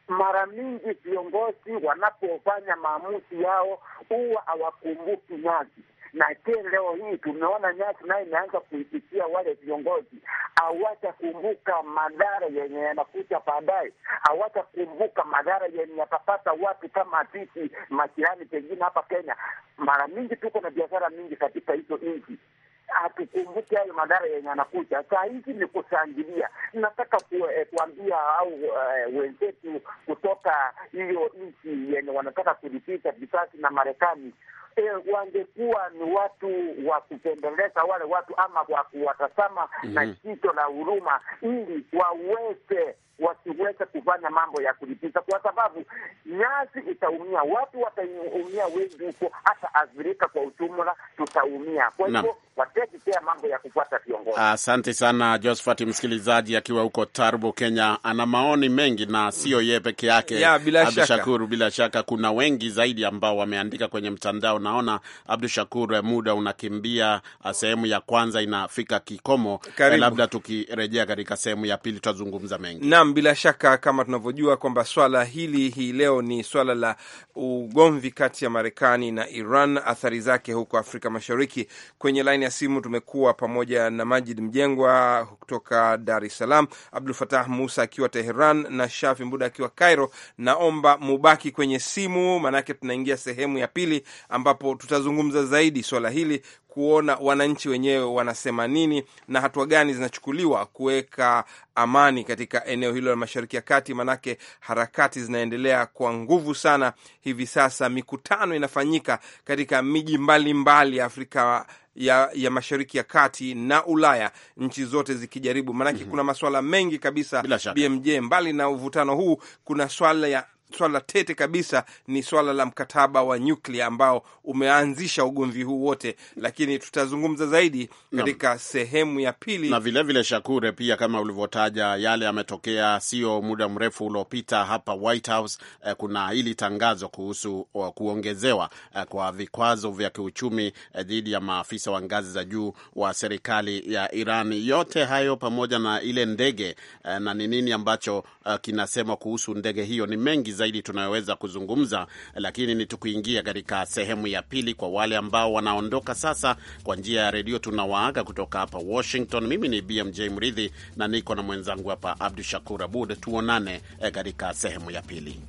Mara mingi viongozi wanapofanya maamuzi yao huwa hawakumbuki nyasi na je, leo hii tumeona nyasi naye imeanza kuipitia wale viongozi. Hawatakumbuka madhara yenye yanakuja baadaye, hawatakumbuka madhara yenye yatapata watu kama sisi masirani. Pengine hapa Kenya mara mingi tuko na biashara mingi katika hizo nchi hatukumbuki hayo madhara yenye anakuja. Saa hizi ni kushangilia. Nataka eh, kuambia au uh, wenzetu kutoka hiyo nchi yenye wanataka kulipiza visasi na Marekani e, wangekuwa ni watu wa kupendeleza wale watu ama wa kuwatazama mm -hmm. na jicho la huruma, ili waweze wasiweze kufanya mambo ya kulipiza, kwa sababu nyasi itaumia, watu wataumia wengi huko, hata Afrika kwa ujumla tutaumia. Kwa hivyo wategetea mambo ya kufuata viongozi. Asante sana Josphat. Msikilizaji akiwa huko Tarbo, Kenya, ana maoni mengi na sio yeye peke yake. Abdushakur, bila shaka kuna wengi zaidi ambao wameandika kwenye mtandao naona Abdu Shakur, eh, muda unakimbia, ah, sehemu ya kwanza inafika kikomo. Eh, labda tukirejea katika sehemu ya pili tutazungumza mengi. Naam, bila shaka, kama tunavyojua kwamba swala hili hii leo ni swala la ugomvi kati ya Marekani na Iran, athari zake huko Afrika Mashariki. Kwenye laini ya simu tumekuwa pamoja na Majid Mjengwa kutoka Dar es Salaam, Abdul Fatah Musa akiwa Teheran na Shafi Mbuda akiwa Cairo. Naomba mubaki kwenye simu, maanake tunaingia sehemu ya pili ambapo ambapo tutazungumza zaidi swala hili kuona wananchi wenyewe wanasema nini na hatua gani zinachukuliwa kuweka amani katika eneo hilo la Mashariki ya Kati, manake harakati zinaendelea kwa nguvu sana hivi sasa. Mikutano inafanyika katika miji mbalimbali ya Afrika ya, ya Mashariki ya Kati na Ulaya, nchi zote zikijaribu, maanake mm -hmm. kuna masuala mengi kabisa BMJ. Mbali na uvutano huu, kuna swala ya swala tete kabisa ni swala la mkataba wa nyuklia ambao umeanzisha ugomvi huu wote, lakini tutazungumza zaidi katika na sehemu ya pili. Na vilevile vile Shakure, pia kama ulivyotaja, yale yametokea sio muda mrefu uliopita hapa White House. Eh, kuna hili tangazo kuhusu oh, kuongezewa eh, kwa vikwazo vya kiuchumi eh, dhidi ya maafisa wa ngazi za juu wa serikali ya Iran. Yote hayo pamoja na ile ndege eh, na ni nini ambacho uh, kinasema kuhusu ndege hiyo. Ni mengi zaidi tunayoweza kuzungumza, lakini ni tukuingia katika sehemu ya pili. Kwa wale ambao wanaondoka sasa kwa njia ya redio, tunawaaga kutoka hapa Washington. Mimi ni BMJ Mridhi na niko na mwenzangu hapa Abdu Shakur Abud. Tuonane eh, katika sehemu ya pili.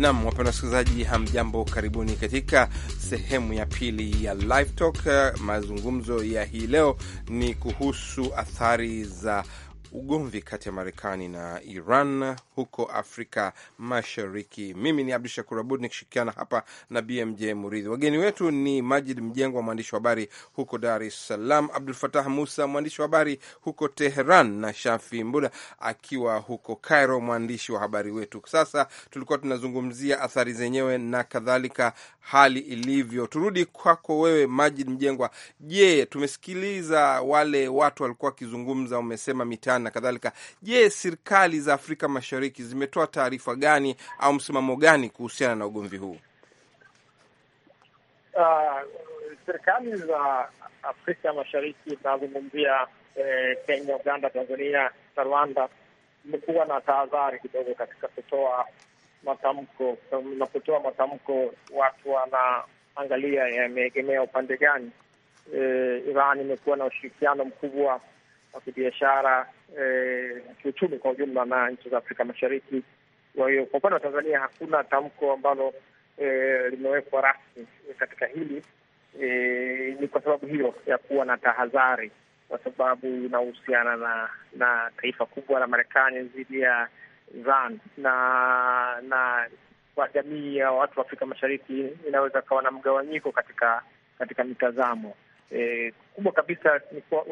Nam, wapenda wasikilizaji, hamjambo, karibuni katika sehemu ya pili ya Live Talk. Eh, mazungumzo ya hii leo ni kuhusu athari za ugomvi kati ya Marekani na Iran huko Afrika Mashariki. Mimi ni Abdu Shakur Abud nikishirikiana hapa na BMJ Muridhi. Wageni wetu ni Majid Mjengwa, mwandishi wa habari huko Dar es Salaam, Abdul Fatah Musa, mwandishi wa habari huko Teheran, na Shafi Mbuda akiwa huko Cairo, mwandishi wa habari wetu. Sasa tulikuwa tunazungumzia athari zenyewe na kadhalika, hali ilivyo. Turudi kwako wewe, Majid Mjengwa. Je, tumesikiliza wale watu walikuwa wakizungumza, umesema mitaani Sudan na kadhalika. Je, serikali za Afrika Mashariki zimetoa taarifa gani au msimamo gani kuhusiana na ugomvi huu? Uh, serikali za Afrika Mashariki zinazungumzia eh, Kenya, Uganda, Tanzania na Rwanda imekuwa na tahadhari kidogo katika kutoa matamko na kutoa matamko. Watu wanaangalia yameegemea upande gani. E, Iran imekuwa na ushirikiano mkubwa wa kibiashara eh, kiuchumi kwa ujumla na nchi za Afrika Mashariki. Kwa hiyo kwa upande wa Tanzania hakuna tamko ambalo eh, limewekwa rasmi katika hili eh, ni kwa sababu hiyo ya kuwa na tahadhari, kwa sababu inahusiana na na taifa kubwa la Marekani dhidi ya ZAN na na kwa jamii ya watu wa Afrika Mashariki inaweza kawa na mgawanyiko katika katika mitazamo e, kubwa kabisa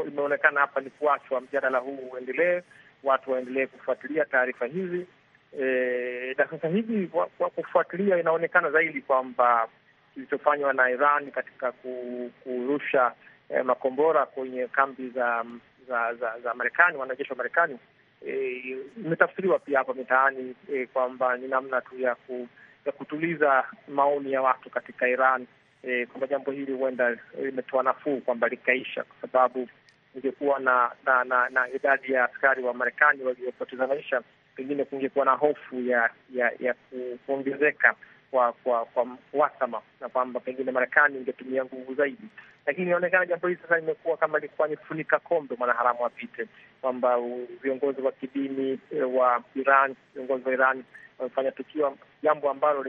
imeonekana hapa ni kuachwa mjadala huu uendelee, watu waendelee kufuatilia taarifa hizi e, na sasa hivi kwa, kwa kufuatilia inaonekana zaidi kwamba kilichofanywa na Iran katika kurusha eh, makombora kwenye kambi za za za, za Marekani, wanajeshi wa Marekani eh, imetafsiriwa pia hapa mitaani e, kwamba ni namna tu ya, ku, ya kutuliza maoni ya watu katika Iran e, kwamba jambo hili huenda limetoa nafuu kwamba likaisha, kwa sababu ingekuwa na na, na na idadi ya askari wa Marekani waliopoteza maisha, pengine kungekuwa na hofu ya ya, ya kuongezeka kwa kwa kwa uhasama na kwamba pengine Marekani ingetumia nguvu zaidi, lakini inaonekana jambo hili sasa limekuwa kama ni funika kombe mwanaharamu apite, kwamba viongozi wa kidini e, wa Iran, viongozi wa Iran wamefanya tukio, jambo ambalo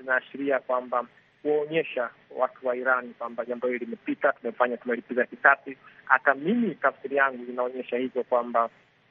linaashiria kwamba kuwaonyesha watu wa Iran kwamba jambo hili limepita, tumefanya, tumelipiza kisasi. Hata mimi tafsiri yangu inaonyesha hivyo kwamba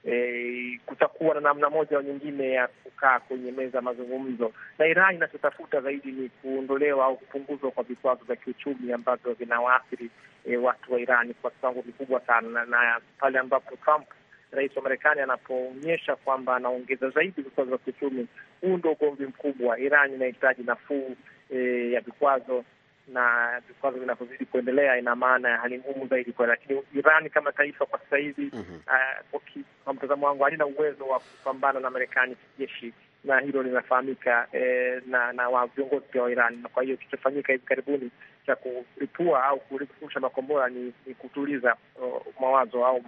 E, kutakuwa na namna moja au nyingine ya kukaa kwenye meza mazungumzo, na Iran inachotafuta zaidi ni kuondolewa au kupunguzwa kwa vikwazo vya kiuchumi ambavyo vinawaathiri e, watu wa Iran kwa kiwango kikubwa sana, na pale ambapo Trump rais wa Marekani anapoonyesha kwamba anaongeza zaidi vikwazo vya kiuchumi, huu ndo ugomvi mkubwa. Iran inahitaji nafuu e, ya vikwazo na vikwazo vinavyozidi kuendelea, ina maana ya hali ngumu zaidi kwa, lakini Iran kama taifa kwa sasa hivi mm -hmm. uh, kwa mtazamo wangu halina uwezo wa kupambana na Marekani kijeshi, na hilo linafahamika eh, na na wa viongozi pia wa Iran. Kwa hiyo kilichofanyika hivi karibuni cha kuripua au kurusha makombora ni, ni kutuliza uh, mawazo au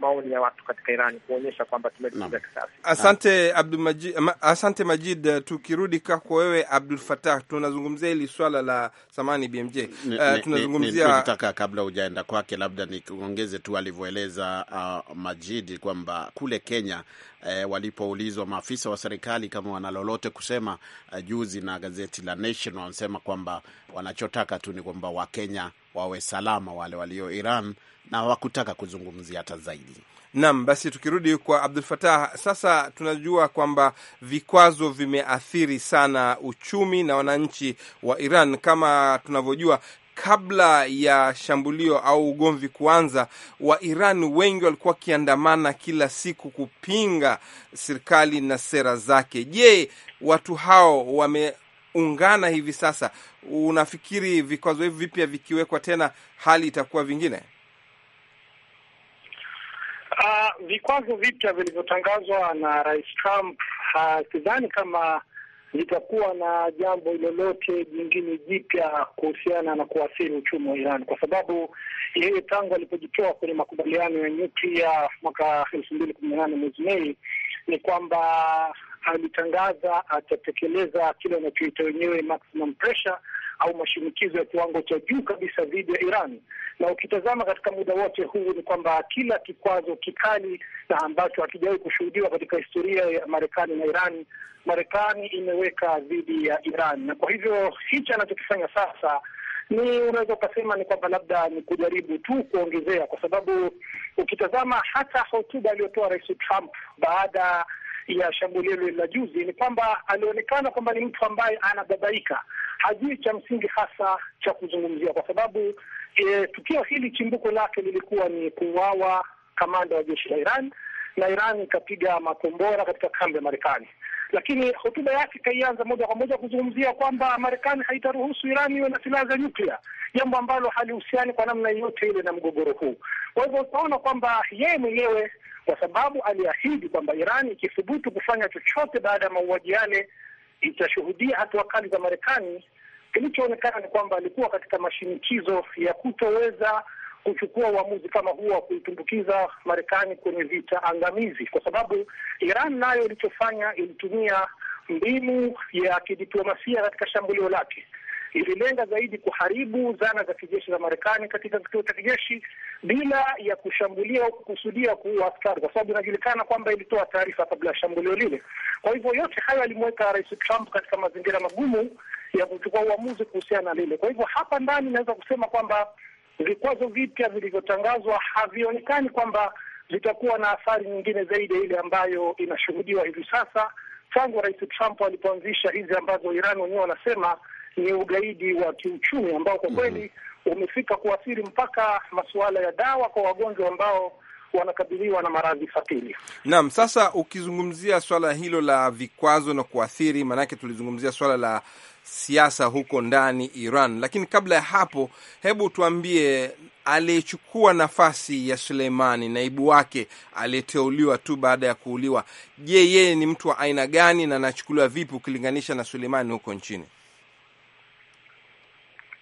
maoni ya watu katika Irani kuonyesha kwamba tumelipiza kisasi. Asante Abdul Majid, asante Majid. Eh, tukirudi kwako wewe Abdul Fatah, tunazungumzia hili swala la samani BMJ, uh, eh, tunazungumzia nataka kabla hujaenda kwake, labda nikuongeze tu alivyoeleza uh, Majid kwamba kule Kenya eh, walipoulizwa maafisa wa serikali kama wana lolote kusema uh, juzi na gazeti la Nation wanasema kwamba wanachotaka tu ni kwamba Wakenya wawe salama, wale walio Iran na hawakutaka kuzungumzia hata zaidi. Naam, basi tukirudi kwa Abdul Fatah sasa, tunajua kwamba vikwazo vimeathiri sana uchumi na wananchi wa Iran. Kama tunavyojua, kabla ya shambulio au ugomvi kuanza, wa Iran wengi walikuwa wakiandamana kila siku kupinga serikali na sera zake. Je, watu hao wameungana hivi sasa? Unafikiri vikwazo hivi vipya vikiwekwa tena hali itakuwa vingine? Ah, vikwazo vipya vilivyotangazwa na Rais Trump ah, sidhani kama litakuwa na jambo lolote jingine jipya kuhusiana na kuathiri uchumi wa Iran kwa sababu yeye tangu alipojitoa kwenye makubaliano ya nyuklia mwaka elfu mbili kumi na nane mwezi Mei ni kwamba alitangaza atatekeleza kile anachoita wenyewe maximum pressure au mashinikizo ya kiwango cha juu kabisa dhidi ya Iran. Na ukitazama katika muda wote huu ni kwamba kila kikwazo kikali na ambacho hakijawahi kushuhudiwa katika historia ya Marekani na Iran, Marekani imeweka dhidi ya Iran, na kwa hivyo hichi anachokifanya sasa ni unaweza ukasema ni kwamba labda ni kujaribu tu kuongezea, kwa sababu ukitazama hata hotuba aliyotoa Rais Trump baada ya shambulio hilo la juzi ni kwamba alionekana kwamba ni mtu ambaye anababaika, hajui cha msingi hasa cha kuzungumzia, kwa sababu e, tukio hili chimbuko lake lilikuwa ni kuuawa kamanda wa jeshi la Iran na Iran ikapiga makombora katika kambi ya Marekani lakini hotuba yake ikaianza moja kwa moja kuzungumzia kwamba Marekani haitaruhusu Irani iwe na silaha za nyuklia, jambo ambalo halihusiani kwa namna yeyote ile na mgogoro huu. Kwa hivyo utaona kwamba yeye mwenyewe kwa sababu aliahidi kwamba Irani ikithubutu kufanya chochote baada ya mauaji yale itashuhudia hatua kali za Marekani. Kilichoonekana ni kwamba alikuwa katika mashinikizo ya kutoweza kuchukua uamuzi kama huo wa kuitumbukiza Marekani kwenye vita angamizi, kwa sababu Iran nayo ilichofanya ilitumia mbinu ya kidiplomasia katika shambulio lake ililenga zaidi kuharibu zana za kijeshi za Marekani katika kituo cha kijeshi bila ya kushambulia au kukusudia kuua askari, kwa sababu inajulikana kwamba ilitoa taarifa kabla ya shambulio lile. Kwa hivyo yote hayo alimweka Rais Trump katika mazingira magumu ya kuchukua uamuzi kuhusiana na lile. Kwa hivyo hapa ndani naweza kusema kwamba vikwazo vipya vilivyotangazwa havionekani kwamba vitakuwa na athari nyingine zaidi ya ile ambayo inashuhudiwa hivi sasa tangu Rais Trump alipoanzisha hizi ambazo Iran wenyewe wanasema ni ugaidi wa kiuchumi ambao kwa mm-hmm. kweli umefika kuathiri mpaka masuala ya dawa kwa wagonjwa ambao wanakabiliwa na maradhi fatili. Naam, sasa ukizungumzia swala hilo la vikwazo na kuathiri, maanake tulizungumzia swala la siasa huko ndani Iran, lakini kabla ya hapo, hebu tuambie aliyechukua nafasi ya Suleimani, naibu wake aliyeteuliwa tu baada ya kuuliwa, je, yeye ni mtu wa aina gani na anachukuliwa vipi ukilinganisha na Suleimani huko nchini?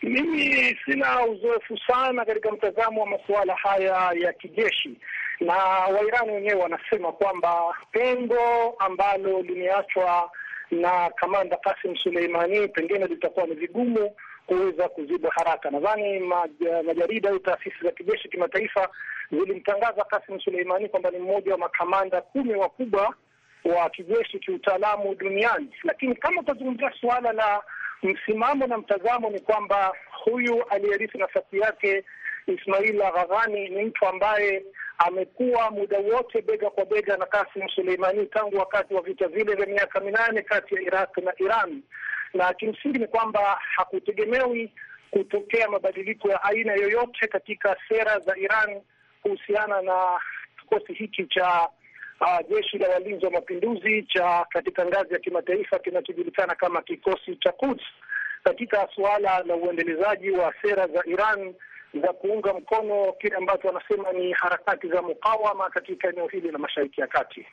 Mimi sina uzoefu sana katika mtazamo wa masuala haya ya kijeshi, na Wairani wenyewe wanasema kwamba pengo ambalo limeachwa na kamanda Kasim Suleimani pengine litakuwa ni vigumu kuweza kuzibwa haraka. Nadhani majarida au taasisi za kijeshi kimataifa zilimtangaza Kasim Suleimani kwamba ni mmoja wa makamanda kumi wakubwa wa kijeshi kiutaalamu duniani, lakini kama utazungumzia suala la Msimamo na mtazamo ni kwamba huyu aliyerithi nafasi yake ismail Ghaghani ni mtu ambaye amekuwa muda wote bega kwa bega na Kasim Suleimani tangu wakati wa vita vile vya miaka minane kati ya Iraq na Iran, na kimsingi ni kwamba hakutegemewi kutokea mabadiliko ya aina yoyote katika sera za Iran kuhusiana na kikosi hiki cha uh, jeshi la walinzi wa mapinduzi cha katika ngazi ya kimataifa kinachojulikana kama kikosi cha Quds katika suala la uendelezaji wa sera za Iran za kuunga mkono kile ambacho wanasema ni harakati za mukawama katika eneo hili la Mashariki ya Kati.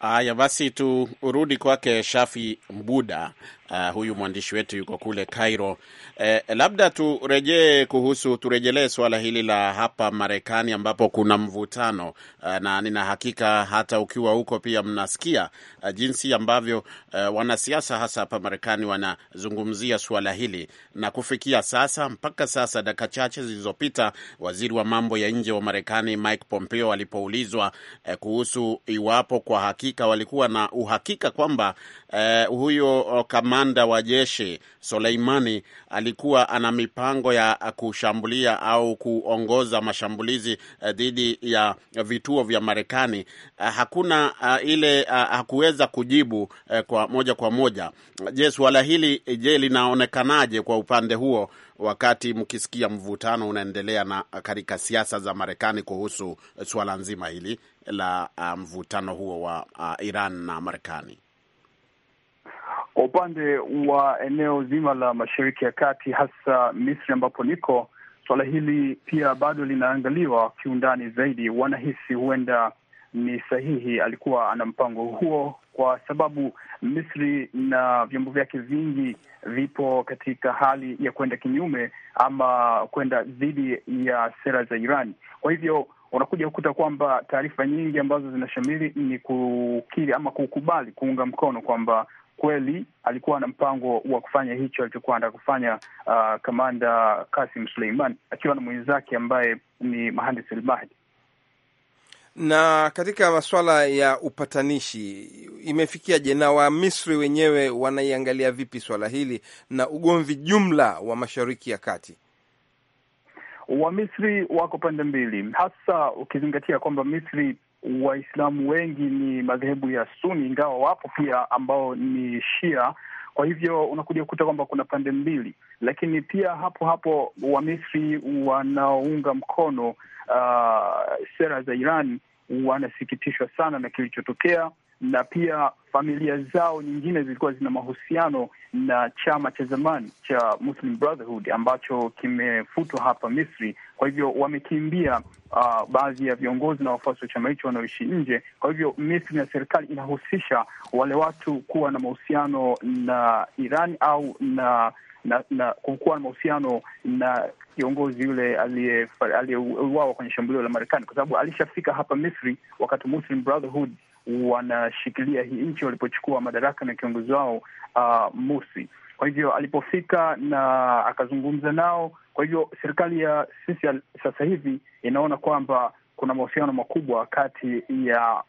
Haya basi, turudi kwake Shafi Mbuda. Uh, huyu mwandishi wetu yuko kule Cairo. Eh, labda turejee kuhusu turejelee suala hili la hapa Marekani ambapo kuna mvutano uh, na nina hakika hata ukiwa huko pia mnasikia uh, jinsi ambavyo uh, wanasiasa hasa hapa Marekani wanazungumzia suala hili, na kufikia sasa, mpaka sasa dakika chache zilizopita, waziri wa mambo ya nje wa Marekani Mike Pompeo alipoulizwa uh, kuhusu iwapo kwa hakika hakika walikuwa na uhakika kwamba eh, huyo kamanda wa jeshi Soleimani alikuwa ana mipango ya kushambulia au kuongoza mashambulizi eh, dhidi ya vituo vya Marekani. Eh, hakuna eh, ile eh, hakuweza kujibu eh, kwa moja kwa moja. Je, suala hili je linaonekanaje kwa upande huo wakati mkisikia mvutano unaendelea na katika siasa za Marekani kuhusu eh, suala nzima hili? la uh, mvutano um, huo wa uh, Iran na Marekani? Kwa upande wa eneo zima la Mashariki ya Kati, hasa Misri ambapo niko, suala hili pia bado linaangaliwa kiundani zaidi. Wanahisi huenda ni sahihi alikuwa ana mpango huo, kwa sababu Misri na vyombo vyake vingi vipo katika hali ya kwenda kinyume ama kwenda dhidi ya sera za iran Kwa hivyo unakuja kukuta kwamba taarifa nyingi ambazo zinashamiri ni kukiri ama kukubali kuunga mkono kwamba kweli alikuwa na mpango wa kufanya hicho alichokuwa anataka kufanya uh, kamanda Kasim Suleiman akiwa na mwenzake ambaye ni Mahandis Elbahdi. Na katika masuala ya upatanishi imefikiaje, na Wamisri wenyewe wanaiangalia vipi swala hili na ugomvi jumla wa Mashariki ya Kati? Wamisri wako pande mbili, hasa ukizingatia kwamba Misri Waislamu wengi ni madhehebu ya Suni, ingawa wapo pia ambao ni Shia. Kwa hivyo unakuja kukuta kwamba kuna pande mbili, lakini pia hapo hapo Wamisri wanaounga mkono uh, sera za Iran wanasikitishwa sana na kilichotokea na pia familia zao nyingine zilikuwa zina mahusiano na chama cha zamani cha Muslim Brotherhood ambacho kimefutwa hapa Misri. Kwa hivyo wamekimbia uh, baadhi ya viongozi na wafuasi wa chama hicho wanaoishi nje. Kwa hivyo Misri na serikali inahusisha wale watu kuwa na mahusiano na Iran au na na, na kuwa na mahusiano na kiongozi yule aliyeuawa kwenye shambulio la Marekani, kwa sababu alishafika hapa Misri wakati Muslim Brotherhood wanashikilia hii nchi walipochukua madaraka na kiongozi wao uh, Musi. Kwa hivyo alipofika na akazungumza nao, kwa hivyo serikali ya sisi sasa hivi inaona kwamba kuna mahusiano makubwa kati ya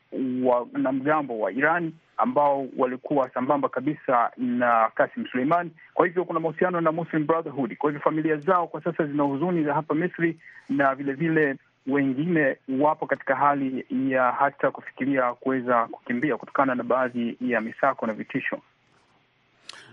wanamgambo wa Iran ambao walikuwa sambamba kabisa na Kasim Suleimani. Kwa hivyo kuna mahusiano na Muslim Brotherhood. Kwa hivyo familia zao kwa sasa zina huzuni za hapa Misri na vilevile wengine wapo katika hali ya hata kufikiria kuweza kukimbia kutokana na baadhi ya misako na vitisho.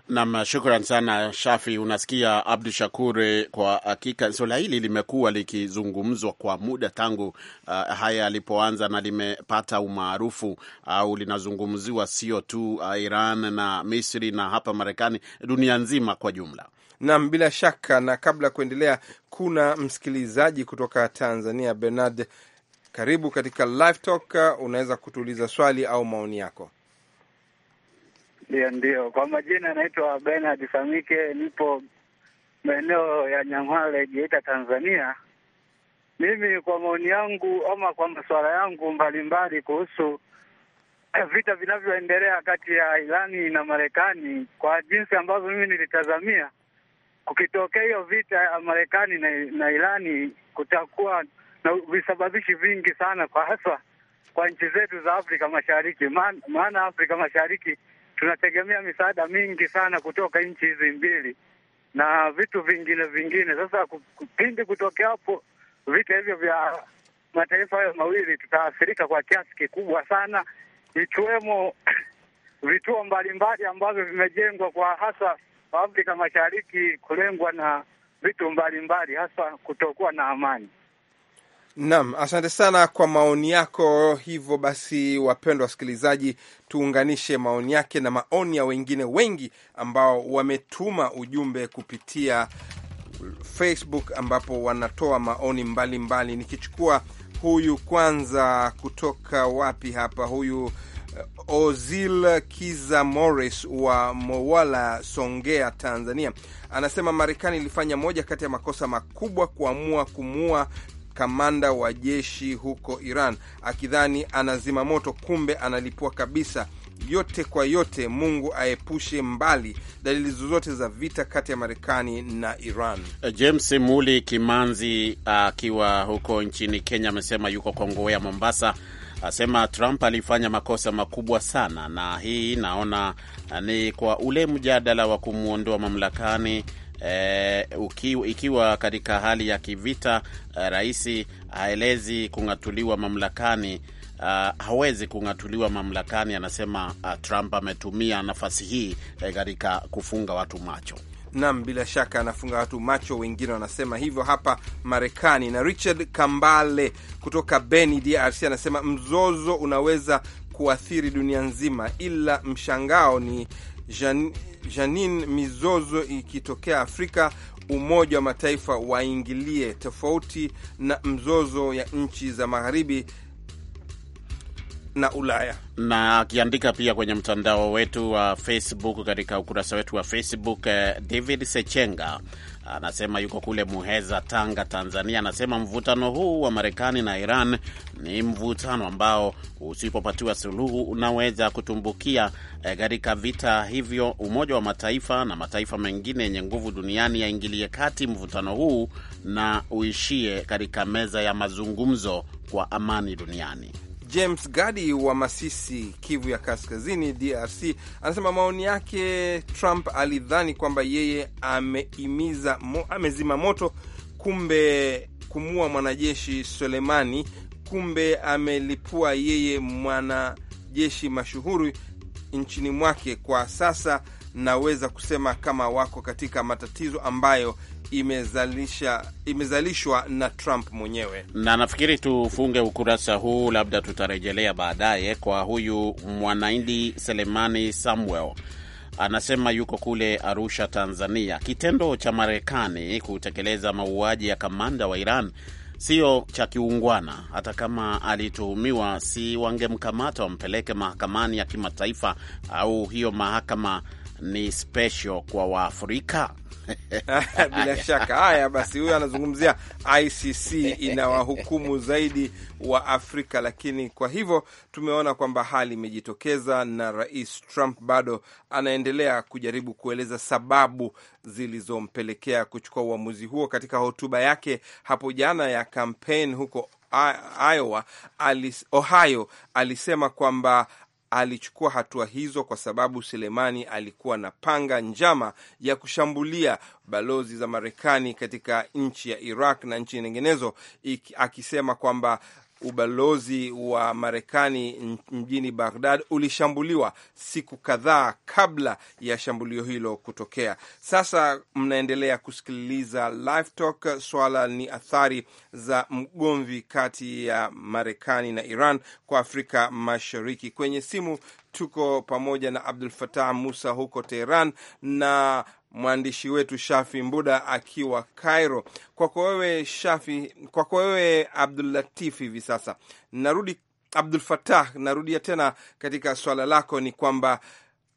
Nam, shukran sana Shafi. Unasikia Abdu Shakur, eh, kwa hakika swala hili limekuwa likizungumzwa kwa muda tangu uh, haya yalipoanza na limepata umaarufu au uh, linazungumziwa sio tu uh, Iran na Misri na hapa Marekani, dunia nzima kwa jumla. Nam, bila shaka. Na kabla ya kuendelea, kuna msikilizaji kutoka Tanzania, Bernard, karibu katika Live Talk. Unaweza kutuuliza swali au maoni yako. Ndio, ndio. Kwa majina anaitwa Benard Samike, nipo maeneo ya Nyang'hwale, Geita, Tanzania. Mimi kwa maoni yangu ama kwa masuala yangu mbalimbali kuhusu vita vinavyoendelea kati ya Irani na Marekani, kwa jinsi ambavyo mimi nilitazamia, kukitokea hiyo vita ya Marekani na, na Irani kutakuwa na visababishi vingi sana, kwa haswa kwa nchi zetu za Afrika Mashariki. Maana Afrika Mashariki tunategemea misaada mingi sana kutoka nchi hizi mbili na vitu vingine vingine. Sasa pindi kutokea hapo vita hivyo vya mataifa hayo mawili, tutaathirika kwa kiasi kikubwa sana, ikiwemo vituo mbalimbali ambavyo vimejengwa kwa hasa Afrika Mashariki kulengwa na vitu mbalimbali, hasa kutokuwa na amani. Naam, asante sana kwa maoni yako. Hivyo basi, wapendwa wasikilizaji, tuunganishe maoni yake na maoni ya wengine wengi ambao wametuma ujumbe kupitia Facebook, ambapo wanatoa maoni mbalimbali mbali. Nikichukua huyu kwanza, kutoka wapi hapa, huyu eh, Ozil Kiza Morris wa Mowala, Songea, Tanzania, anasema Marekani ilifanya moja kati ya makosa makubwa kuamua kumuua kamanda wa jeshi huko Iran akidhani anazima moto, kumbe analipua kabisa. Yote kwa yote, Mungu aepushe mbali dalili zozote za vita kati ya Marekani na Iran. Eh, James Muli Kimanzi ah, akiwa uh, huko nchini Kenya amesema yuko Kongowea, Mombasa, asema Trump alifanya makosa makubwa sana, na hii naona ah, ni kwa ule mjadala wa kumwondoa mamlakani eh, uki, ikiwa katika hali ya kivita, eh, rais haelezi kung'atuliwa mamlakani. Uh, hawezi kung'atuliwa mamlakani, anasema uh, Trump ametumia nafasi hii katika eh, kufunga watu macho. Nam, bila shaka anafunga watu macho, wengine wanasema hivyo hapa Marekani. Na Richard Kambale kutoka Beni, DRC, anasema mzozo unaweza kuathiri dunia nzima, ila mshangao ni Jean, janin mizozo ikitokea Afrika Umoja wa Mataifa waingilie, tofauti na mzozo ya nchi za magharibi na Ulaya. Na akiandika pia kwenye mtandao wetu wa Facebook, katika ukurasa wetu wa Facebook, eh, David Sechenga anasema yuko kule Muheza, Tanga, Tanzania. Anasema mvutano huu wa Marekani na Iran ni mvutano ambao usipopatiwa suluhu unaweza kutumbukia eh, katika vita, hivyo Umoja wa Mataifa na mataifa mengine yenye nguvu duniani yaingilie kati mvutano huu na uishie katika meza ya mazungumzo kwa amani duniani. James Gadi wa Masisi, Kivu ya Kaskazini, DRC, anasema maoni yake, Trump alidhani kwamba yeye ameimiza mo, amezima moto, kumbe kumua mwanajeshi Sulemani, kumbe amelipua yeye mwanajeshi mashuhuri nchini mwake. Kwa sasa naweza kusema kama wako katika matatizo ambayo imezalisha imezalishwa na Trump mwenyewe. Na nafikiri tufunge ukurasa huu, labda tutarejelea baadaye kwa huyu Mwanaindi Selemani Samuel anasema yuko kule Arusha, Tanzania. Kitendo cha Marekani kutekeleza mauaji ya kamanda wa Iran sio cha kiungwana. Hata kama alituhumiwa, si wangemkamata wampeleke mahakamani ya kimataifa, au hiyo mahakama ni special kwa Waafrika? bila shaka. Haya basi, huyo anazungumzia ICC inawahukumu zaidi wa Afrika, lakini kwa hivyo tumeona kwamba hali imejitokeza, na Rais Trump bado anaendelea kujaribu kueleza sababu zilizompelekea kuchukua uamuzi huo. Katika hotuba yake hapo jana ya kampeni huko Iowa, Ohio alisema kwamba alichukua hatua hizo kwa sababu Selemani alikuwa na panga njama ya kushambulia balozi za Marekani katika nchi ya Iraq na nchi nyinginezo, akisema kwamba ubalozi wa Marekani mjini Baghdad ulishambuliwa siku kadhaa kabla ya shambulio hilo kutokea. Sasa mnaendelea kusikiliza Live Talk. Swala ni athari za mgomvi kati ya Marekani na Iran kwa Afrika Mashariki. Kwenye simu tuko pamoja na Abdul Fatah Musa huko Teheran na mwandishi wetu Shafi Mbuda akiwa Cairo. Kwako wewe Shafi, kwako wewe Abdul Latif. Hivi sasa narudi Abdul Fatah, narudia tena katika swala lako, ni kwamba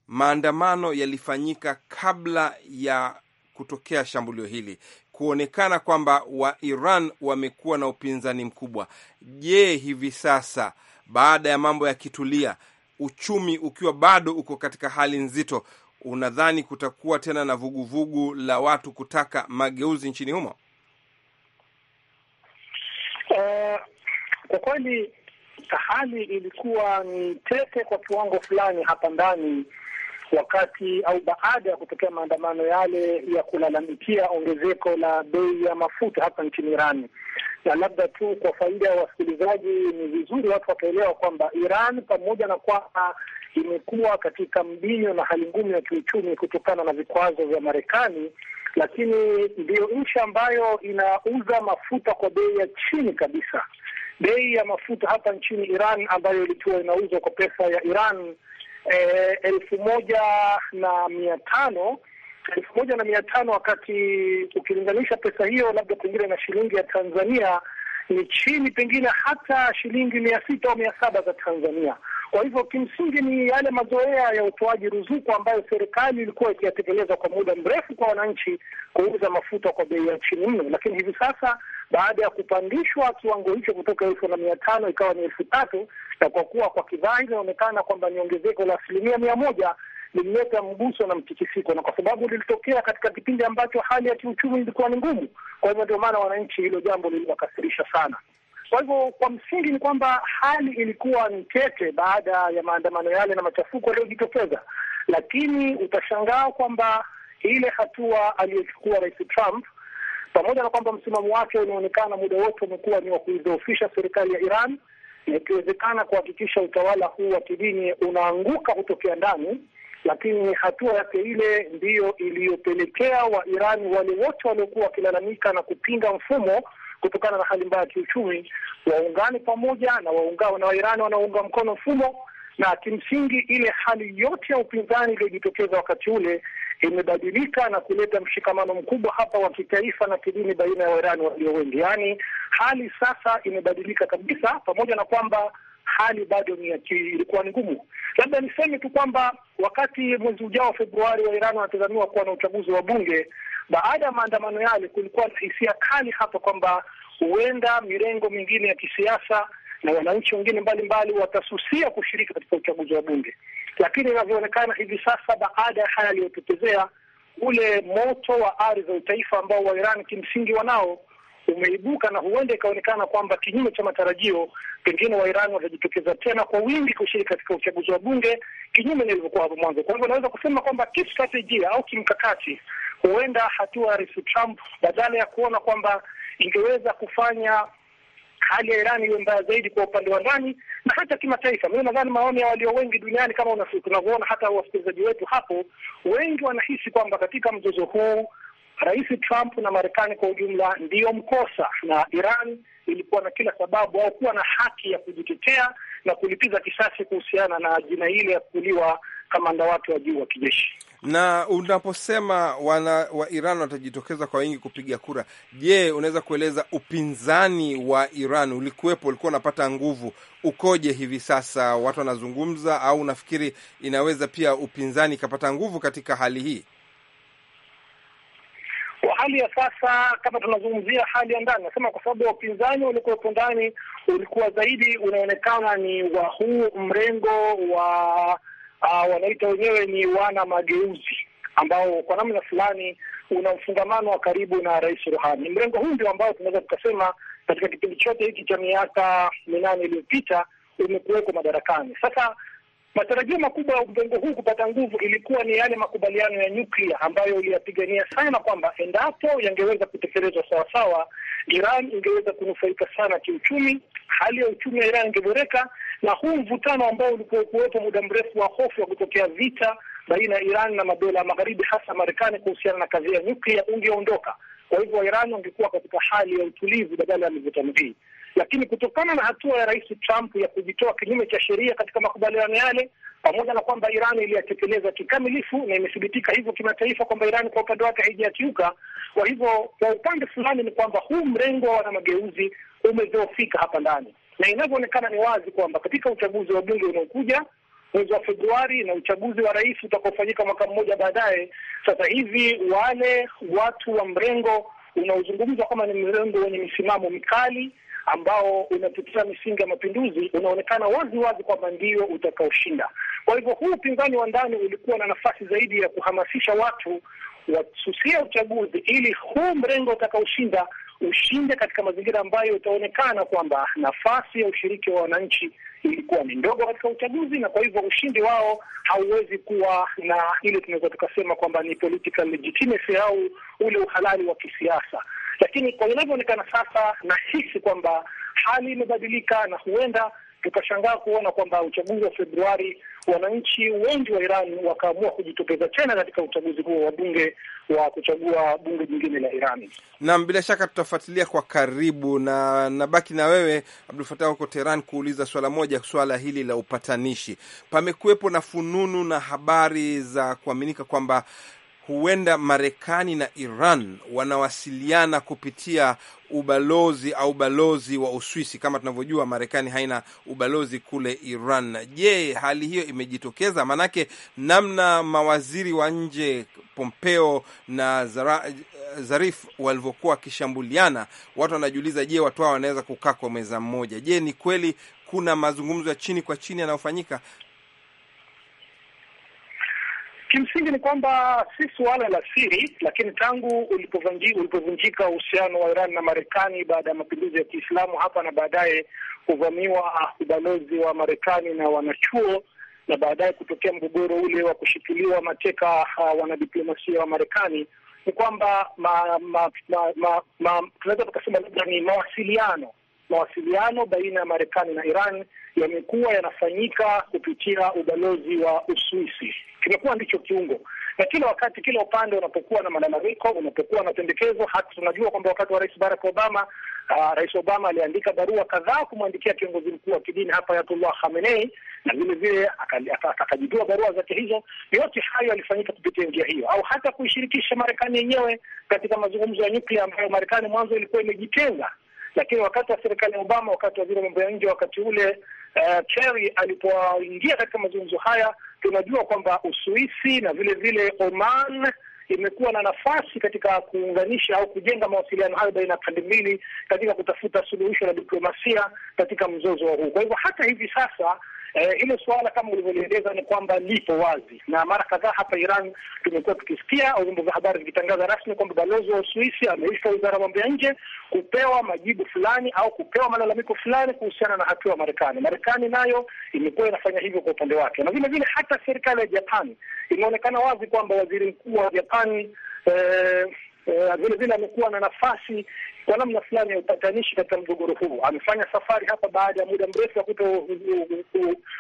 maandamano yalifanyika kabla ya kutokea shambulio hili kuonekana kwamba wa Iran wamekuwa na upinzani mkubwa. Je, hivi sasa baada ya mambo yakitulia, uchumi ukiwa bado uko katika hali nzito, unadhani kutakuwa tena na vuguvugu vugu la watu kutaka mageuzi nchini humo? Uh, kwa kweli hali ilikuwa ni tete kwa kiwango fulani hapa ndani wakati au baada ya kutokea maandamano yale ya kulalamikia ongezeko la bei ya mafuta hapa nchini Iran. Na labda tu kwa faida ya wasikilizaji, ni vizuri watu wakaelewa kwamba Iran pamoja na kwamba imekuwa katika mbio na hali ngumu ya kiuchumi kutokana na vikwazo vya Marekani, lakini ndiyo nchi ambayo inauza mafuta kwa bei ya chini kabisa. Bei ya mafuta hapa nchini Iran ambayo ilikuwa inauzwa kwa pesa ya Iran e, elfu moja na mia tano elfu moja na mia tano wakati ukilinganisha pesa hiyo labda pengine na shilingi ya Tanzania ni chini pengine hata shilingi mia sita au mia saba za Tanzania. Kwa hivyo kimsingi ni yale mazoea ya utoaji ruzuku ambayo serikali ilikuwa ikiyatekeleza kwa muda mrefu kwa wananchi, kuuza mafuta kwa bei ya chini mno, lakini hivi sasa baada ya kupandishwa kiwango hicho kutoka elfu na mia tano ikawa ni elfu tatu na kwa kuwa kwa kidhahiri inaonekana kwamba ni ongezeko la asilimia mia moja lilileta mguso na mtikisiko, na kwa sababu lilitokea katika kipindi ambacho hali ya kiuchumi ilikuwa ni ngumu. Kwa hivyo ndio maana wananchi hilo jambo liliwakasirisha sana. Kwa hivyo kwa msingi ni kwamba hali ilikuwa ni tete baada ya maandamano yale na machafuko yaliyojitokeza, lakini utashangaa kwamba ile hatua aliyochukua Rais Trump pamoja na kwamba msimamo wake unaonekana muda wote umekuwa ni wa kuidhoofisha serikali ya Iran na ikiwezekana kuhakikisha utawala huu wa kidini unaanguka kutokea ndani, lakini hatua yake ile ndiyo iliyopelekea Wairani wale wote waliokuwa wakilalamika na kupinga mfumo kutokana na hali mbaya ya kiuchumi, waungane pamoja na waungao na Wairani wanaounga mkono mfumo, na kimsingi ile hali yote ya upinzani iliyojitokeza wakati ule imebadilika na kuleta mshikamano mkubwa hapa wa kitaifa na kidini baina ya Wairani walio wengi. Yaani hali sasa imebadilika kabisa, pamoja na kwamba hali bado ni ilikuwa ni ngumu. Labda niseme tu kwamba wakati mwezi ujao wa Februari, Wairani wanatazamiwa kuwa na uchaguzi wa bunge baada ya maandamano yale, kulikuwa na hisia kali hapa kwamba huenda mirengo mingine ya kisiasa na wananchi wengine mbalimbali watasusia kushiriki katika uchaguzi wa Bunge, lakini inavyoonekana hivi sasa, baada ya haya yaliyotetezea, ule moto wa ari za utaifa ambao wa Iran kimsingi wanao umeibuka na huenda ikaonekana kwamba kinyume cha matarajio, pengine wairan watajitokeza tena kwa wingi kushiriki katika uchaguzi wa bunge, kinyume na ilivyokuwa hapo mwanzo. Kwa hivyo naweza kusema kwamba kistratejia au kimkakati, Huenda hatua ya Rais Trump badala ya kuona kwamba ingeweza kufanya hali ya iran iwe mbaya zaidi kwa upande wa ndani na hata kimataifa. Mimi nadhani maoni ya walio wengi duniani, kama tunavyoona hata wasikilizaji wetu hapo, wengi wanahisi kwamba katika mzozo huu Rais Trump na Marekani kwa ujumla ndiyo mkosa, na Iran ilikuwa na kila sababu au kuwa na haki ya kujitetea na kulipiza kisasi kuhusiana na jina ile ya kuuliwa kamanda wake wa juu wa kijeshi. Na unaposema wana, wa Iran watajitokeza kwa wingi kupiga kura, je, unaweza kueleza upinzani wa Iran ulikuwepo, ulikuwa unapata nguvu ukoje hivi sasa? Watu wanazungumza au unafikiri inaweza pia upinzani ikapata nguvu katika hali hii? Kwa hali ya sasa, kama tunazungumzia hali ya ndani, nasema kwa sababu upinzani waliokuwepo ndani ulikuwa zaidi unaonekana ni wa huu mrengo wa uh, wanaita wenyewe ni wana mageuzi ambao kwa namna fulani una mfungamano wa karibu na Rais Ruhani. Mrengo huu ndio ambao tunaweza tukasema katika kipindi chote hiki cha miaka minane iliyopita umekuweko madarakani. Sasa matarajio makubwa ya mrengo huu kupata nguvu ilikuwa ni yale makubaliano ya nyuklia ambayo iliyapigania sana, kwamba endapo yangeweza kutekelezwa sawasawa, Iran ingeweza kunufaika sana kiuchumi, hali ya uchumi wa Iran ingeboreka, na huu mvutano ambao ulikuwepo muda mrefu wa hofu ya kutokea vita baina ya Iran na madola ya Magharibi, hasa Marekani, kuhusiana na kazi ya nyuklia ungeondoka. Kwa hivyo, Iran wangekuwa katika hali ya utulivu badala ya mivutano hii. Lakini kutokana na hatua ya Rais Trump ya kujitoa kinyume cha sheria katika makubaliano yale, pamoja na kwamba Iran iliyatekeleza kikamilifu na imethibitika hivyo kimataifa kwamba Iran kwa upande wake haijakiuka. Kwa hivyo, kwa upande fulani ni kwamba huu mrengo wa wanamageuzi umedhoofika hapa ndani na inavyoonekana ni wazi kwamba katika uchaguzi wa bunge unaokuja mwezi wa Februari na uchaguzi wa rais utakaofanyika mwaka mmoja baadaye, sasa hivi wale watu wa mrengo unaozungumzwa kama ni mrengo wenye misimamo mikali ambao unatetea misingi ya mapinduzi unaonekana wazi wazi kwamba ndio utakaoshinda. Kwa hivyo huu upinzani wa ndani ulikuwa na nafasi zaidi ya kuhamasisha watu wasusia uchaguzi ili huu mrengo utakaoshinda ushinde katika mazingira ambayo itaonekana kwamba nafasi ya ushiriki wa wananchi ilikuwa ni ndogo katika uchaguzi, na kwa hivyo ushindi wao hauwezi kuwa na ile tunaweza tukasema kwamba ni political legitimacy au ule uhalali wa kisiasa. Lakini kwa inavyoonekana sasa, nahisi kwamba hali imebadilika na huenda tukashangaa kuona kwamba uchaguzi wa Februari wananchi wengi wa Iran wakaamua kujitokeza tena katika uchaguzi huo wa bunge wa kuchagua bunge jingine la Iran. Naam, bila shaka tutafuatilia kwa karibu, na nabaki na wewe Abdul Fatah huko Teheran kuuliza swala moja, swala hili la upatanishi. Pamekuwepo na fununu na habari za kuaminika kwamba huenda Marekani na Iran wanawasiliana kupitia ubalozi au balozi wa Uswisi. Kama tunavyojua, Marekani haina ubalozi kule Iran. Je, hali hiyo imejitokeza? Maanake namna mawaziri wa nje Pompeo na Zara, Zarif walivyokuwa wakishambuliana, watu wanajiuliza, je, watu hao wanaweza kukaa kwa meza mmoja? Je, ni kweli kuna mazungumzo ya chini kwa chini yanayofanyika Kimsingi ni kwamba si suala la siri, lakini tangu ulipovunjika uhusiano wa Iran na Marekani baada ya mapinduzi ya Kiislamu hapa na baadaye kuvamiwa ubalozi wa Marekani na wanachuo na baadaye kutokea mgogoro ule wa kushikiliwa mateka uh, wanadiplomasia wa Marekani, ni kwamba ma, ma, ma, ma, ma, tunaweza tukasema labda ni mawasiliano mawasiliano baina ya Marekani na Iran yamekuwa yanafanyika kupitia ubalozi wa Uswisi kimekuwa ndicho kiungo, na kila wakati, kila upande unapokuwa na malalamiko, unapokuwa na pendekezo. Hata tunajua kwamba wakati wa Rais Barack Obama, uh, Rais Obama aliandika barua kadhaa kumwandikia kiongozi mkuu wa kidini hapa Ayatullah Khamenei, na vile vile akajitoa barua zake hizo. Yote hayo yalifanyika kupitia njia hiyo, au hata kuishirikisha Marekani yenyewe katika mazungumzo ya nyuklia ambayo Marekani mwanzo ilikuwa imejitenga lakini wakati wa serikali ya Obama, wakati waziri wa mambo ya nje wakati ule, uh, Kerry alipoingia katika mazungumzo haya, tunajua kwamba Uswisi na vile vile Oman imekuwa na nafasi katika kuunganisha au kujenga mawasiliano hayo baina ya pande mbili katika kutafuta suluhisho la diplomasia katika mzozo wa huu. Kwa hivyo hata hivi sasa hilo eh, e, suala kama ulivyolieleza ni kwamba lipo wazi, na mara kadhaa hapa Iran tumekuwa tukisikia au vyombo vya habari vikitangaza rasmi kwamba balozi wa Uswisi ameisha wizara ya mambo ya nje kupewa majibu fulani au kupewa malalamiko fulani kuhusiana na hatua ya Marekani. Marekani nayo imekuwa inafanya hivyo kwa upande wake, na vile vile hata serikali ya Japani imeonekana wazi kwamba waziri mkuu wa Japani eh, Eh, vile vile amekuwa na nafasi kwa namna fulani ya upatanishi katika mgogoro huu. Amefanya safari hapa baada ya muda mrefu ya kuto,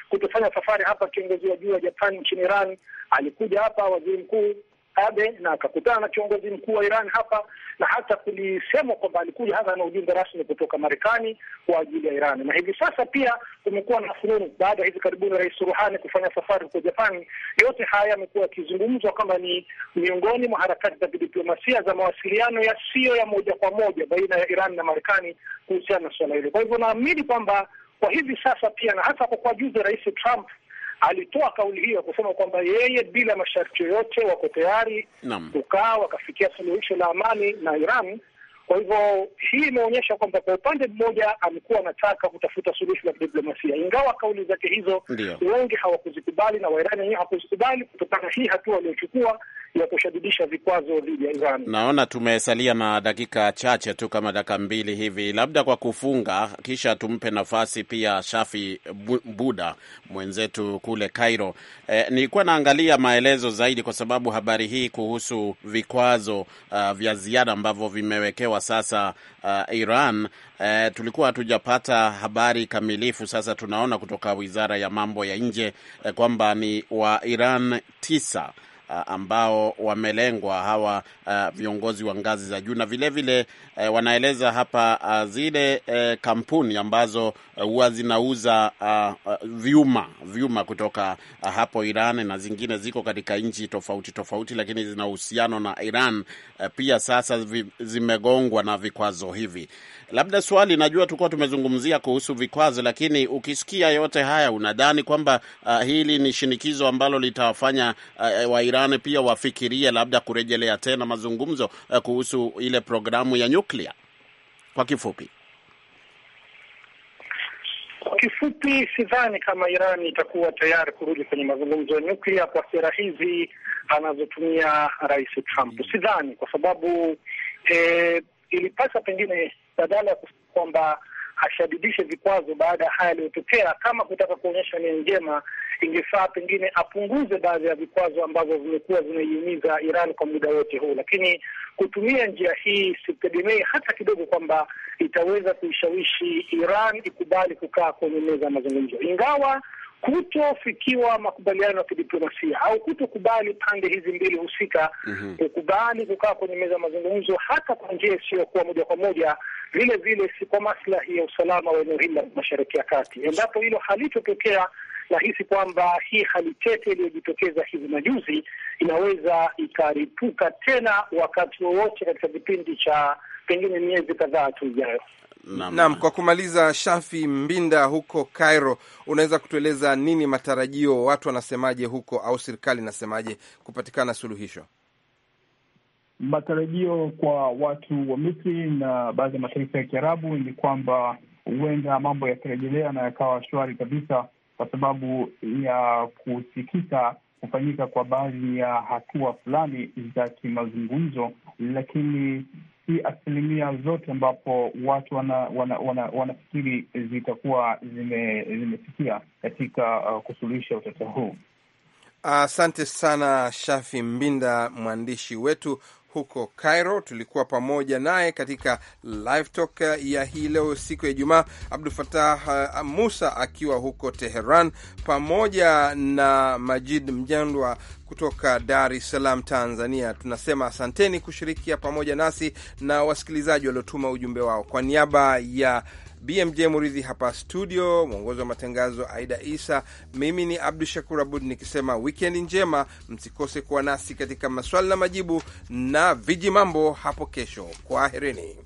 kutofanya safari hapa. Kiongozi wa juu wa Japan nchini Iran alikuja hapa, waziri mkuu Abe na akakutana na kiongozi mkuu wa Iran hapa, na hata kulisemwa kwamba alikuja hasa na ujumbe rasmi kutoka Marekani kwa ajili ya Iran. Na hivi sasa pia kumekuwa na fururu baada ya hivi karibuni Rais Ruhani kufanya safari huko Japani. Yote haya yamekuwa yakizungumzwa kama ni miongoni mwa harakati za kidiplomasia za mawasiliano yasiyo ya moja kwa moja baina ya Iran na Marekani kuhusiana na suala hilo. Kwa hivyo naamini kwamba kwa hivi sasa pia na hasa kwa kwa juzi Rais Trump alitoa kauli hiyo kusema kwamba yeye bila masharti yoyote wako tayari kukaa wakafikia suluhisho la amani na Iran kwa hivyo hii imeonyesha kwamba kwa upande mmoja amekuwa anataka kutafuta suluhisho la kidiplomasia, ingawa kauli zake hizo wengi hawakuzikubali na Wairani wenyewe hawakuzikubali kutokana hii hatua waliochukua ya kushadidisha vikwazo dhidi ya Iran. Naona tumesalia na dakika chache tu, kama dakika mbili hivi, labda kwa kufunga, kisha tumpe nafasi pia Shafi Buda mwenzetu kule Cairo. E, nilikuwa naangalia maelezo zaidi, kwa sababu habari hii kuhusu vikwazo uh, vya ziada ambavyo vimewekewa sasa uh, Iran uh, tulikuwa hatujapata habari kamilifu. Sasa tunaona kutoka wizara ya mambo ya nje uh, kwamba ni wa Iran tisa Eh, ambao wamelengwa hawa uh, viongozi wa ngazi za juu na vilevile vile, uh, wanaeleza hapa uh, zile uh, kampuni ambazo huwa uh, zinauza uh, uh, vyuma vyuma kutoka uh, hapo Iran na zingine ziko katika nchi tofauti tofauti, lakini zina uhusiano na Iran uh, pia sasa zimegongwa na vikwazo hivi. Labda swali, najua tulikuwa tumezungumzia kuhusu vikwazo, lakini ukisikia yote haya unadhani kwamba uh, hili ni shinikizo ambalo litawafanya uh, Wairani pia wafikirie labda kurejelea tena mazungumzo uh, kuhusu ile programu ya nyuklia? Kwa kifupi, kwa kifupi, sidhani kama Iran itakuwa tayari kurudi kwenye mazungumzo ya nyuklia kwa sera hizi anazotumia Rais Trump, sidhani, kwa sababu eh, ilipasa pengine badala ya kwamba ashadidishe vikwazo baada ya haya yaliyotokea. Kama kutaka kuonyesha nia njema, ingefaa pengine apunguze baadhi ya vikwazo ambavyo vimekuwa vinaiumiza Iran kwa muda wote huu, lakini kutumia njia hii sitegemei hata kidogo kwamba itaweza kuishawishi Iran ikubali kukaa kwenye meza ya mazungumzo, ingawa kutofikiwa makubaliano ya kidiplomasia au kutokubali pande hizi mbili husika mm -hmm. kukubali kukaa kwenye meza ya mazungumzo hata kwa njia isiyokuwa moja kwa moja, vile vile si kwa maslahi ya usalama wa eneo hili la Mashariki ya Kati. Endapo hilo halitotokea, nahisi kwamba hii hali tete iliyojitokeza hivi majuzi inaweza ikaripuka tena wakati wowote katika kipindi cha pengine miezi kadhaa tu ijayo. Naam, Kwa kumaliza, Shafi Mbinda huko Cairo, unaweza kutueleza nini matarajio, watu wanasemaje huko au serikali inasemaje kupatikana suluhisho? Matarajio kwa watu wa Misri na baadhi ya mataifa ya Kiarabu ni kwamba huenda mambo yakirejelea na yakawa shwari kabisa, kwa sababu ya kusikika kufanyika kwa baadhi ya hatua fulani za kimazungumzo, lakini si asilimia zote ambapo watu wanafikiri wana, wana, wana zitakuwa zimefikia katika uh, kusuluhisha utata huu. Asante uh, sana Shafi Mbinda, mwandishi wetu huko Cairo. Tulikuwa pamoja naye katika live talk ya hii leo siku ya Ijumaa, Abdul Fatah uh, Musa akiwa huko Teheran, pamoja na Majid Mjandwa kutoka Dar es Salaam, Tanzania. Tunasema asanteni kushirikia pamoja nasi na wasikilizaji waliotuma ujumbe wao. Kwa niaba ya BMJ Muridhi hapa studio, mwongozi wa matangazo Aida Isa, mimi ni Abdu Shakur Abud nikisema wikendi njema, msikose kuwa nasi katika maswali na majibu na viji mambo hapo kesho. Kwaherini.